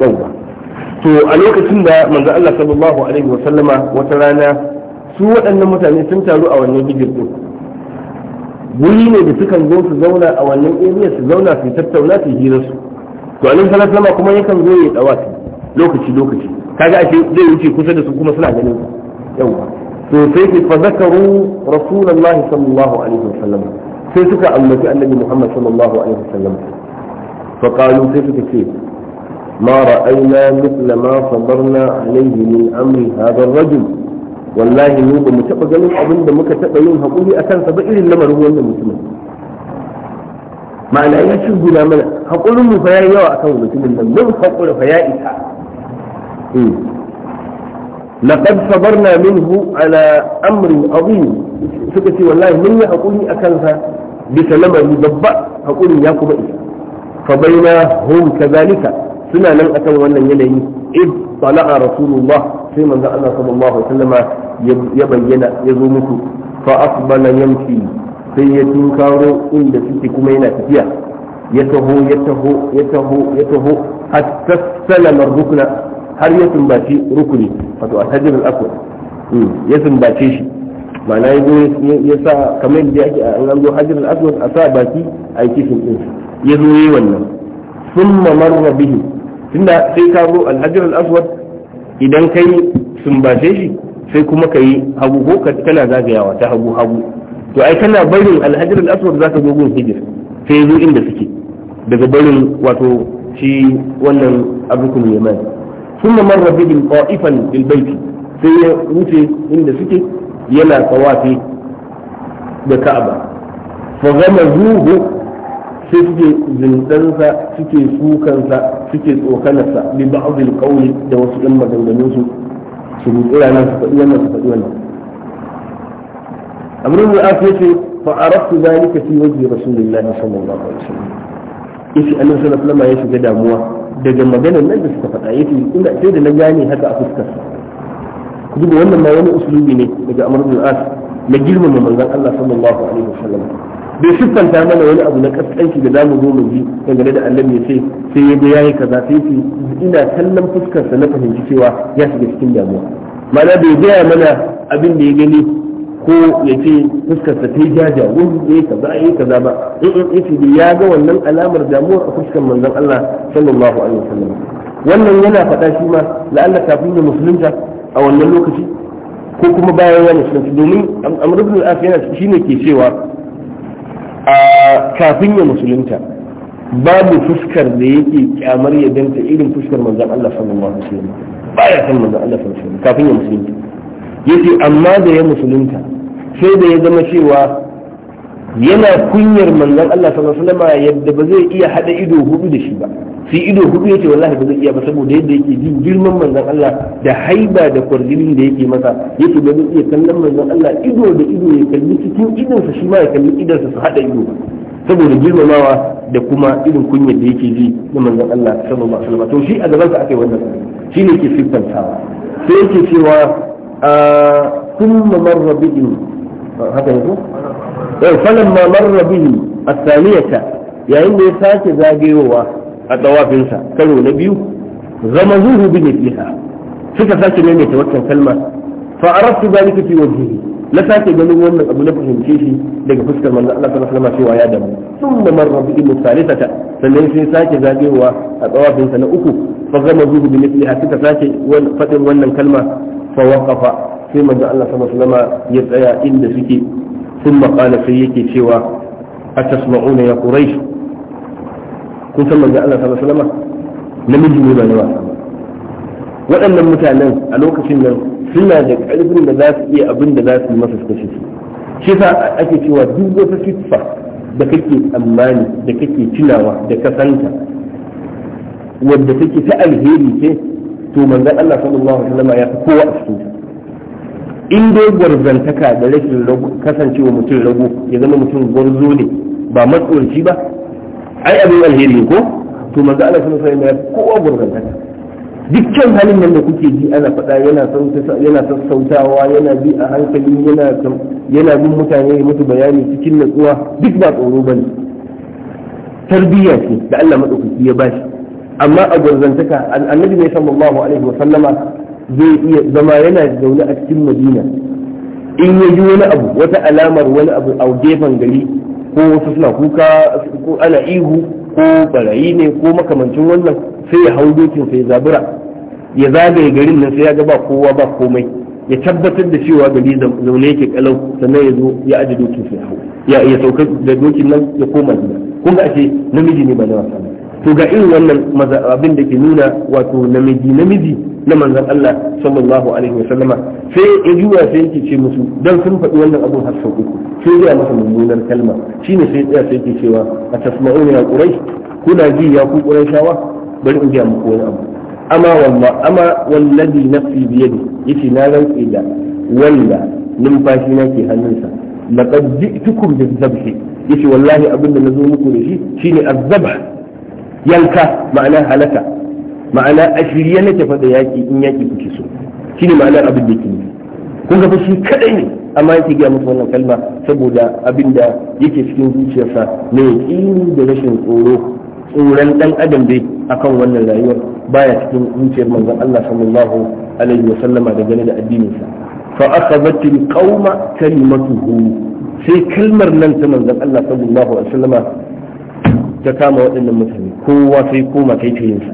yawwa to a lokacin da manzo Allah sallallahu alaihi wa sallama wata rana su waɗannan mutane sun taru a wannan bijir din guri ne da sukan zo su zauna a wannan area su zauna su tattauna su hira su to a nan sallallahu kuma yakan zo ya dawa lokaci lokaci kaga ashe zai wuce kusa da su kuma suna ganin yawa to sai ki fa zakaru rasulullahi sallallahu alaihi wa sallama sai suka ambaci annabi Muhammad sallallahu alaihi wa sallama fa qalu sai suka ce ما رأينا مثل ما صبرنا عليه من أمر هذا الرجل والله mu ba taɓa ganin abin da muka taɓa yin haƙuri a kansa ba irin lamarin wannan mutumin ma'ana ya ci guda mana haƙurin mu fa yawa akan mutumin nan mun haƙura fa ya isa laqad sabarna minhu ala amrin suka ce wallahi mun yi haƙuri a bisa lamari babba haƙurin ya kuma isa fa suna nan akan wannan yanayi id sala'a rasulullah sai manzo Allah sallallahu alaihi wasallama ya bayyana ya zo musu fa asbala yamshi sai ya tunkaro inda suke kuma yana tafiya ya taho ya taho ya taho ya taho hatta salama rukna har ya sumbaci rukuni wato alhajir al aqwa hmm, ya sumbace shi ma'ana ya zo ya sa kamar da yake an zo hajjar al-aswad a sa baki a yi kishin din ya zo yi wannan sun mamar bihi tunda sai ka zo alhajar al'aswad idan ka yi sumbace shi sai kuma ka yi hagu ko ka kana zagayawa ta hagu hagu to ai kana barin alhajar al'aswad za ka zo gun hijir sai zo inda suke daga barin wato shi wannan arukun yaman sun ma marar bihim qa'ifan sai ya wuce inda suke yana tsawafi da ka'aba fa gama zuhu sai suke zindansa suke kukansa, suke tsokanarsa bi ba'dil qawli da wasu ɗan maganganun su su rutsura nan su faɗi wannan su faɗi wannan amrun da aka yace fa araftu zalika fi wajhi rasulillah sallallahu alaihi wasallam yace annabi sallallahu alaihi wasallam ya shiga damuwa daga maganar nan da suka faɗa yace ina sai da na gane haka a fuskar sa kuma wannan ma wani usulubi ne daga amrun da na girmama manzon Allah sallallahu alaihi wasallam bai siffanta mana wani abu na kaskanci da zamu zo mu ji dangane da annabi ya ce sai ya ga yayi kaza sai yace ina kallon fuskar sa na fahimci cewa ya shiga cikin damuwa mana bai gaya mana abin da ya gani ko ya ce fuskar sa ta jaja wani ya yi kaza ya yi kaza ba in in ya ga wannan alamar damuwar a fuskar manzon Allah sallallahu alaihi wasallam wannan yana faɗa shi ma la'alla kafin ya musulunta a wannan lokaci ko kuma bayan ya musulunta domin amr ibn al-as yana shine ke cewa a kafin ya musulunta babu fuskar da yake kyamar ya danta irin fuskar manzan Allah sallallahu alaihi wasallam baya san manzan Allah sallallahu alaihi wasallam kafin ya musulunta yace amma da ya musulunta sai da ya zama cewa yana kunyar manzon Allah sallallahu alaihi wasallam yadda ba zai iya hada ido hudu da shi ba fi ido hudu yace wallahi ba zai iya ba saboda yadda yake jin girman manzon Allah da haiba da kwarjini da yake masa yace ba zai iya kallon manzon Allah ido da ido ya kalli cikin idonsa shi ma ya kalli idonsa su hada ido ba saboda girmamawa da kuma irin kunyar da yake ji na manzon Allah sallallahu alaihi wasallam to shi a gaban sa akai wannan shi ne ke siffantawa sai yake cewa a ah, kuma marra bidin haka ne ko yau mamar rabihi a saniyata yayin da ya sake zagayowa a tsawafinsa karo na biyu zama zuhu bi ne fiha suka sake maimaita waccan kalma fa arabtu zalika fi wajhihi na sake ganin wannan abu na fahimce shi daga fuskar manzon Allah sallallahu alaihi wasallam cewa ya damu thumma marra bi musalisata sannan sai sake zagewa a tsawafinsa na uku fa zama zuhu bi mithliha suka sake fadin wannan kalma fa waqafa sai manzon Allah sallallahu alaihi wasallam ya tsaya inda suke ثم قال سيكي سوى أتسمعون يا قريش كنت من جاء الله صلى الله عليه وسلم لم يجمي بني وأن المتعلم ألوك سنة suna da ƙarfin da za su iya abin da za su masa suka shi shi ake cewa duk wata siffa da kake tsammani da kake tunawa da kasanta wadda take ta alheri ce to manzon Allah ya fi kowa a cikin in dai gwarzantaka da rashin kasancewa mutum rago ya zama mutum gwarzo ne ba matsorci ba ai abin alheri ko to manzo Allah sun sai mai kowa gwarzantaka dukkan halin nan da kuke ji ana faɗa yana yana sassautawa yana bi a hankali yana yana bin mutane ya mutu bayani cikin natsuwa duk ba tsoro bane tarbiyya ce da Allah madaukaki ya bashi amma a gwarzantaka annabi ne sallallahu alaihi wa sallama zai iya zama yana zaune a cikin madina in ya ji wani abu wata alamar wani abu a gefen gari ko wasu suna kuka ko ana ihu ko barayi ne ko makamancin wannan sai ya hau dokin sai zabura ya zagaye garin nan sai ya ga ba kowa ba komai ya tabbatar da cewa gari zaune yake kalau sannan ya zo ya aji dokin sai hau ya sauka da dokin nan ya koma gida kun ga ashe namiji ne ba na wasa to ga irin wannan abin da ke nuna wato namiji namiji na manzan Allah sallallahu alaihi wa sallama sai ya juwa sai yake ce musu dan sun faɗi wannan abun har sau uku sai ya masa mummunar kalma shine sai ya sai yake cewa a tasma'una ya quraish kuna ji ya ku qurayshawa bari in ga muku wani abu amma walla amma wallazi nafsi biyadi yace na rantsi da walla numfashi na ke hannunsa laqad ji'tukum bizabhi yace wallahi abin da nazo muku da shi shine azzabh yanka ma'ana halaka ma'ana a shirye nake faɗa yaƙi in yaƙi kuke so ne ma'anar abin da yake nufi kun ga shi kaɗai ne amma yake gaya masa wannan kalma saboda abin da yake cikin zuciyarsa na yaƙini da rashin tsoro tsoron ɗan adam dai akan wannan rayuwar baya cikin zuciyar manzon Allah sallallahu alaihi wa sallama da gane da addininsa fa akhadhat al qauma kalimatuhu sai kalmar nan ta manzon Allah sallallahu alaihi wa sallama ta kama waɗannan mutane kowa sai koma kai ta yinsa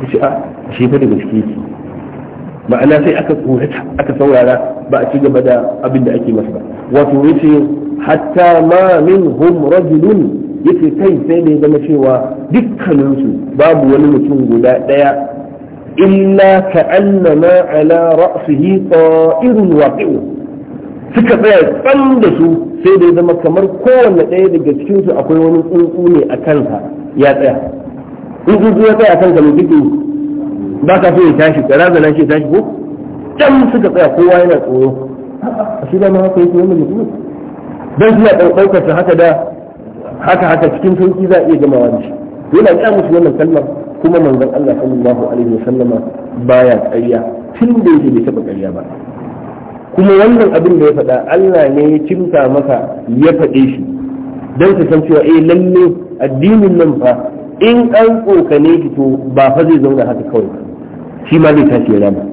suka ce a shi fa da gaske ki ma'ana sai aka tsorata aka saurara ba a ci gaba da abin da ake masa ba wato yace hatta ma minhum rajulun yace kai sai ne zama cewa dukkaninsu babu wani mutum guda ɗaya illa ka'annama ala ra'sihi irin waqi'u suka tsaya tsan da su sai da ya zama kamar kowanne ɗaya daga cikinsu akwai wani tsuntsu ne a kansa ya tsaya in tsuntsu ya tsaya a kansa mai jikin ba ka so ya tashi ka nan shi ya tashi ko can suka tsaya kowa yana tsoro a shi da ma haka yake wani mutum don suna ɗaukar su haka da haka haka cikin sauki za a iya gama wani shi yana ƙya musu wannan kalmar kuma manzon Allah sallallahu alaihi wa sallama baya ƙarya tun da yake bai taɓa ƙarya ba kuma wannan abin da ya faɗa Allah ne ya cimta maka ya faɗe shi don ka san cewa eh lalle addinin nan fa in an tsokane ki to ba fa zai zauna haka kawai shi ma zai tashi ya rama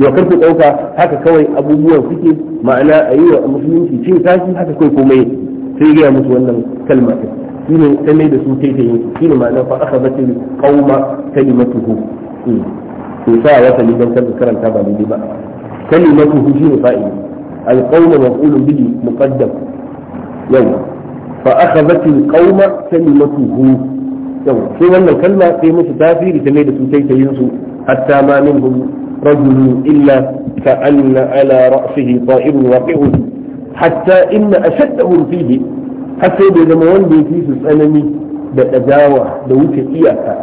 yau kar ku ɗauka haka kawai abubuwan suke ma'ana a yi wa musulunci cin tashi haka kawai komai sai gaya musu wannan kalma ɗin shi ne ta mai da su yi. shi ne ma'ana fa aka batin kauma kalimatuhu to hmm. sa wata liban karanta ba daidai ba كلمته في فائل القوم مفعول به مقدم يوم فأخذت القوم كلمته يوم في أن الكلمة في مستافي لتميدة سوتي تينسو حتى ما منهم رجل إلا كأن على رأسه طائر واقع حتى إن أشدهم فيه حتى إذا ما وندي في سألني بأجاوة دوت إياك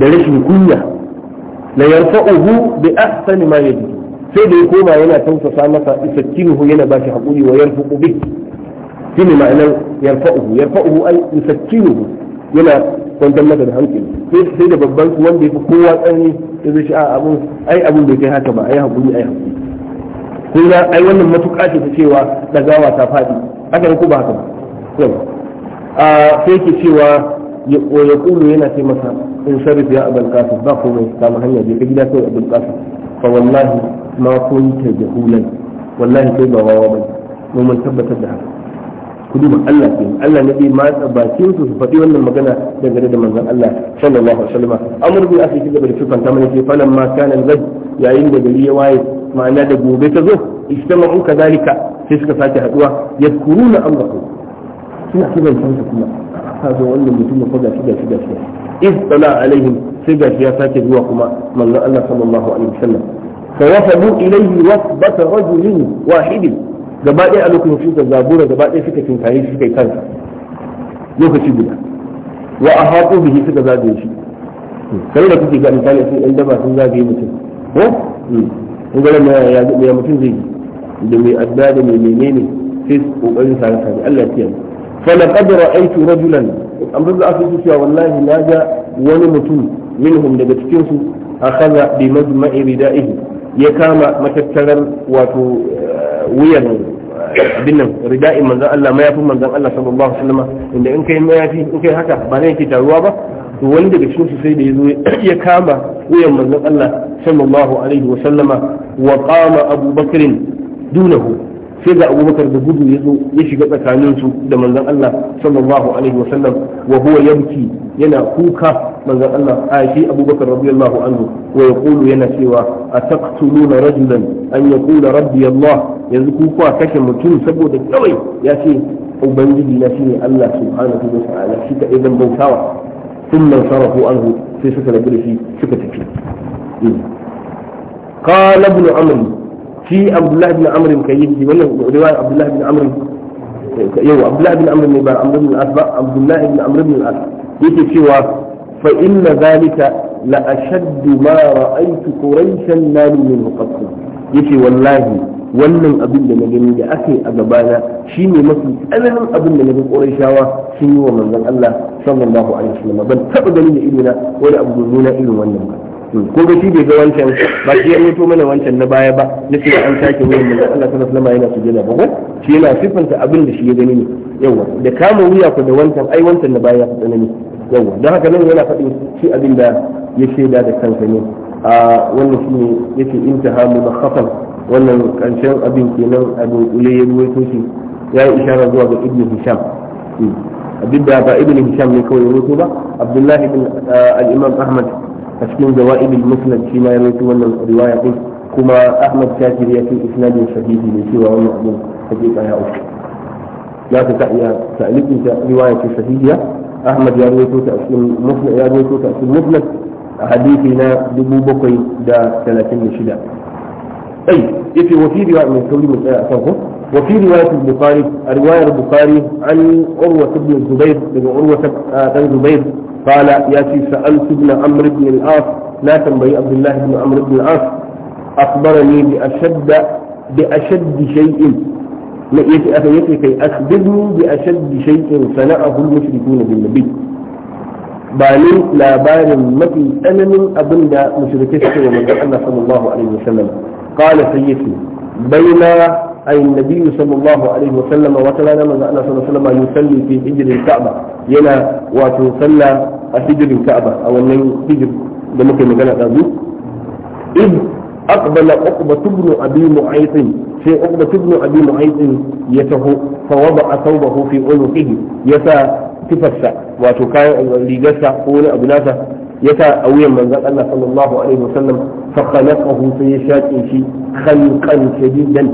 برشم كنية ليرفعه بأحسن ما يجد sai da ya koma yana tausasa masa isakkinuhu yana ba shi haƙuri wa yarfuqu shi ne ma'anar ai isakkinuhu yana kwantar masa da hankali sai da babban su wanda ya fi kowa tsanani ya zai a abun ai abun bai kai haka ba ai haƙuri ai haƙuri kun ga ai wannan matuƙa ce ta cewa ɗagawa ta faɗi haka ne ko ba haka ba sai ke cewa ya kulu yana ce masa in sharif ya abul qasim ba komai kama hanya je ka gida kai abul qasim fa wallahi ما كنت جهولا والله كي غوابا ومن ثبت الدعاء كدوما الله كي الله نبي ما تباتين تفتي وانا مغانا جنجر من الله صلى الله عليه وسلم أمر بي أخي كي قبل شكرا تامني فلما كان الغد يا إنجا جلية وايد ما نادى قوبيت ذو اجتمعوا كذلك تسكى ساتي حدوا يذكرون أمركم سنة كي من سنتكم هذا وانا مجمع فضا كي قبل شكرا إذ طلع عليهم سيدا شيا ساتي هو كما من الله صلى الله عليه وسلم fa wafalu ilayhi wasbata rajulin wahidin gaba ɗaya a lokacin suka zabura gaba ɗaya suka tunkare shi suka yi kansa lokaci guda wa a haƙo bihi suka zagaye shi kai da kuke ga misali sun ɗan daba sun zagaye mutum ko in hmm. ga ya ya ya mutum zai da mai adda da mai menene sai kokarin sare sare Allah ya kiyaye fa na wani mutum minhum daga cikin su akhadha bi majma'i ya kama matattarar wato eh, wuyan eh, abin nan rida'in manzon Allah mayafin manzon Allah sallallahu alaihi wasallam inda in kai mayafi in kai haka ba ne yake taruwa ba to wani daga cikin su sai da yazo ya kama wuyan manzon Allah sallallahu alaihi wasallama wa qama Abu Bakr dunahu sai ga abubakar da gudu ya zo ya shiga tsakanin su da manzon Allah sallallahu alaihi wa sallam wa huwa yabki yana kuka manzon Allah a shi abubakar radiyallahu anhu wa yaqulu yana cewa ataqtuluna rajulan an yaqula rabbi Allah yanzu kuka kuwa kake mutum saboda kawai ya ce ubangiji na shine Allah subhanahu wa ta'ala shi kadai dan bautawa sai انصرفوا عنه في سكن بريشي سكتك قال ابن عمرو shi abdullahi bin amr kai yi wannan riwaya abdullahi bin amr yau bin amr ne ba amr bin as ba abdullahi bin amr bin as yake cewa fa inna aiki la ashaddu ma ra'aytu quraishan la min qatl yace wallahi wannan abin da na gani da aka yi a gabana shi ne mafi tsananin abin da na ga ƙorashawa sun yi wa manzon Allah sallallahu alaihi wasallam ban taɓa ganin da idona wani abu nuna irin wannan ba Hmm. ko ga shi bai ga wancan ba shi ya mutu mana wancan na baya ba na ce an sake wuyan manzo Allah sallallahu alaihi wasallam yana sujada ba shi yana sifanta abin da shi ya gani ne yawa da kama wuya ko da wancan ai wancan na baya ya fi tsanani yawa don haka nan yana faɗin shi abin da ya shaida da kansa ne a wannan shi ne ya yake intaha mudakhafan wannan karshen abin kenan abin kule ya ruwaito shi ya yi ishara zuwa ga ibnu hisham duk hmm. da ba ibnu hisham ne kawai ya ruwaito ba abdullahi bin eh, al-imam ahmad أشكين جوائب المسند فيما يرويته من الرواية كما أحمد كاتب في إسناد شديد من سوى ومعلوم حديث يا أخي لا تتعي تأليف رواية شديدة أحمد يا رويتو تأشكين مسند يا رويتو تأشكين مسند حديثنا دبو بقي دا ثلاثين شداء أي يفي وفي رواية من سوري من آه، وفي رواية البخاري رواية البخاري عن عروة بن الزبير بن عروة بن الزبير قال ياتي سألت ابن عمرو بن العاص لا تنبغي عبد الله بن عمرو بن العاص أخبرني بأشد بأشد شيء يأتي كي أخبرني بأشد شيء صنعه المشركون بالنبي بالي لا بال متي abin da أبن suke ومن manzon صلى الله عليه وسلم قال سيدي بين أي النبي صلى الله عليه وسلم وتلانا من أنا صلى الله عليه وسلم يصلي في حجر الكعبة ينا وتصلى حجر الكعبة أو من حجر دمك من جنة أبو إذ أقبل عقبة بن أبي معيط في عقبة بن أبي معيط يته فوضع ثوبه في عنقه يتا تفسع اللي لجسع قول أبو ناسا يتا أويا من ذات الله صلى الله عليه وسلم فخلقه في شيء خلقا شديدا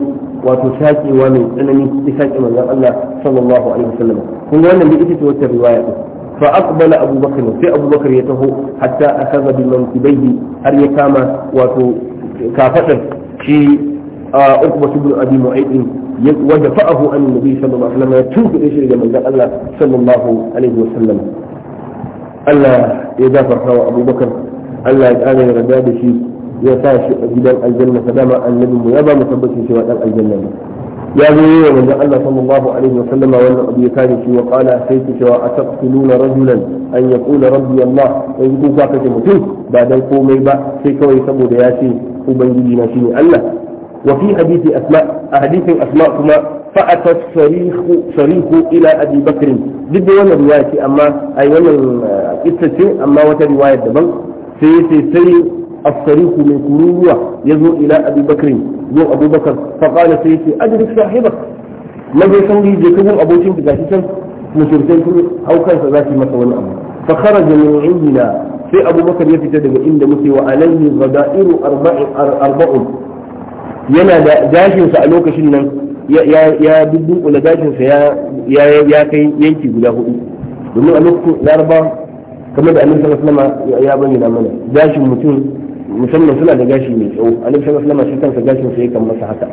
wato shaƙewa mai tsanani ya shaƙe manzon Allah sallallahu alaihi wasallam kun ga wannan da ita ce wata riwaya din fa aqbala Abubakar Bakr sai Abubakar ya taho hatta akaza bi mankibaihi har ya kama wato kafadar shi Uqba ibn Abi Mu'ayth wanda fa'ahu an Nabi sallallahu alaihi wasallam ya tunkuɗe shi daga manzon Allah sallallahu alaihi wasallam Allah ya gafarta wa Abubakar. Allah ya ƙara yarda da shi ya tashi a gidan aljanna ta dama annabin mu ya ba mu tabbacin cewa dan aljanna ne ya zo yi wa manzon Allah sallallahu alaihi wa sallam wannan abu ya kare shi wa qala sai ki cewa ataqtuluna rajulan an yaqula rabbi Allah sai ku ka kace mutum ba dan komai ba sai kawai saboda ya ce ubangiji na shine Allah wa fi hadithi asma a hadithin asma kuma فأتى الصريخ صريخ إلى أبي بكر ضد ولا رواية أما أي ولا قصة أما وترواية دبل سي سي سي الطريق من كوريا يزور إلى أبي بكر يوم أبو بكر فقال سيدي أدرك صاحبك ما زي سنجي جكبه أبو تنك جاشيشا مشركين كله أو كان فذاك ما سوى الأمر فخرج من عندنا في أبو بكر يفتد عند مسي وعليه غدائر أربع أربع yana يا gashinsa a يا يا يا يا يا ya يا يا يا hudu domin a lokacin laraba kamar da annabi sallallahu alaihi wasallam يا بني الأمانة gashin mutum musamman suna da gashi mai tsawo a nufin sallama shi kansa gashin sai kan masa haka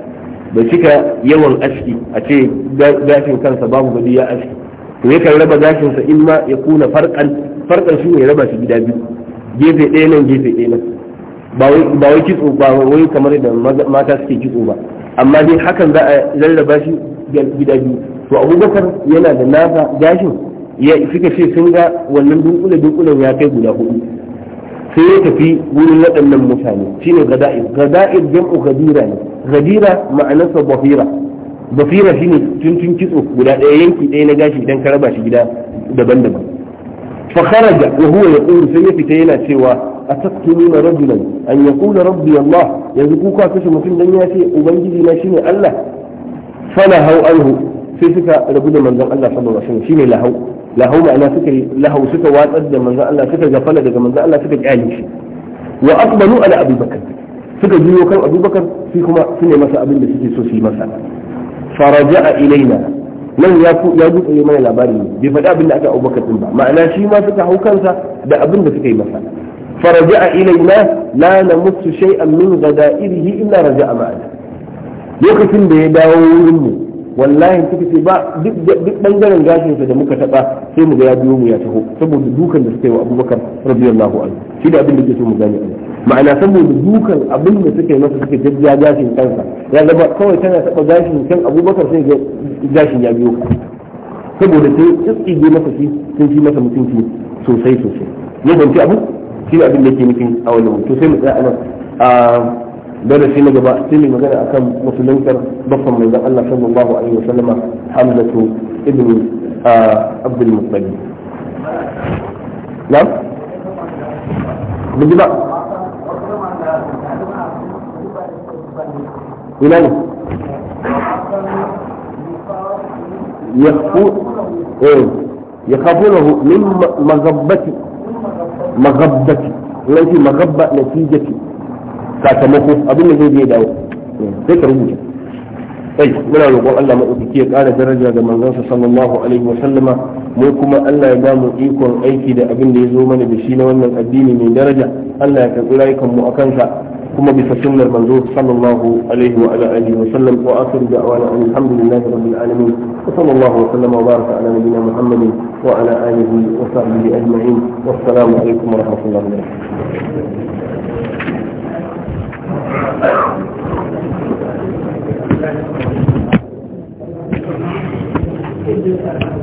bai cika yawan aski a ce gashin kansa babu gadi ya aski to ya kan raba gashin sa in ma ya kuna farkan farkan shi ne raba shi gida biyu gefe ɗaya nan gefe ɗaya nan ba wai kitso ba wai kamar da mata suke kitso ba amma dai hakan za a lallaba shi gida biyu to abubakar yana da nasa gashin ya suka ce sun ga wannan dunkule dunkulen ya kai guda hudu sai ya tafi wurin waɗannan mutane shi ne gada'ir gada'ir jam'u gadira ne gadira ma'anarsa bafira bafira shi ne tuntun kitso guda ɗaya yanki ɗaya na gashi idan ka raba shi gida daban-daban fa kharaja wa huwa yaqulu sai ya fita yana cewa rajulan أتقتلون رجلا أن يقول ربي الله يذكوك كش مسلم دنيا في أبنجي ما شيني الله فنهوا عنه في سكة ربنا من ذن الله صلى الله عليه وسلم شيني lahau له معنى فكر له سكة واتأذى من ذا الله سكة جفلة جا من ذا الله سكة جعلي شيء وأقبلوا على أبي بكر سكة جيو كان أبي بكر فيكما في مساء أبي بكر سكة سوسي مساء فرجع إلينا من يفو يجو أي من الأباري بفتاة بن أكا أبو بكر تنبع معنى شيء ما سكة هو كان سا ذا أبي بكر سكة مساء فرجع إلينا لا نمس شيئا من غدائره إلا رجع معنا يقسم بيداوه منه wallahi kika ce ba duk bangaren gashinsa da muka taba sai mu ga ya biyo mu ya taho saboda dukan da suka yi wa abubakar radiyallahu anhu shi da abin da ke so mu gane ma'ana saboda dukan abin da suka yi masa suka jajja gashin kansa ya zama kawai tana taba gashin kan abubakar sai ga gashin ya biyo saboda sai tsitsige masa shi sun shi masa mutunci sosai sosai ya banci abu shi da abin da ke nufin a wannan to sai mu tsaya a nan ah, darasi na gaba sai mai magana akan musuluntar bakon mai zan Allah sallallahu alaihi wasallam Hamzatu ibn Abdul Muttalib na'am bijiba ina ne يخافونه من مغبتي مغبتي التي مغبة نتيجتي sakamako abin da zai je dawo sai ka rubuta kai muna roƙon Allah mu maɗaukaki ya ƙara daraja ga manzansa sallallahu alaihi wa sallama mu kuma Allah ya ba mu ikon aiki da abin da ya zo mana da shi na wannan addini mai daraja Allah ya karɓi rayukan mu akan sa kuma bisa sunnar manzo sallallahu alaihi wa ala alihi wa sallam wa akhiru da'wana alhamdulillahi rabbil alamin wa sallallahu wa sallama wa baraka ala nabiyyina muhammadin wa ala alihi wa sahbihi ajma'in wa assalamu alaikum wa rahmatullahi wa barakatuh Thank you.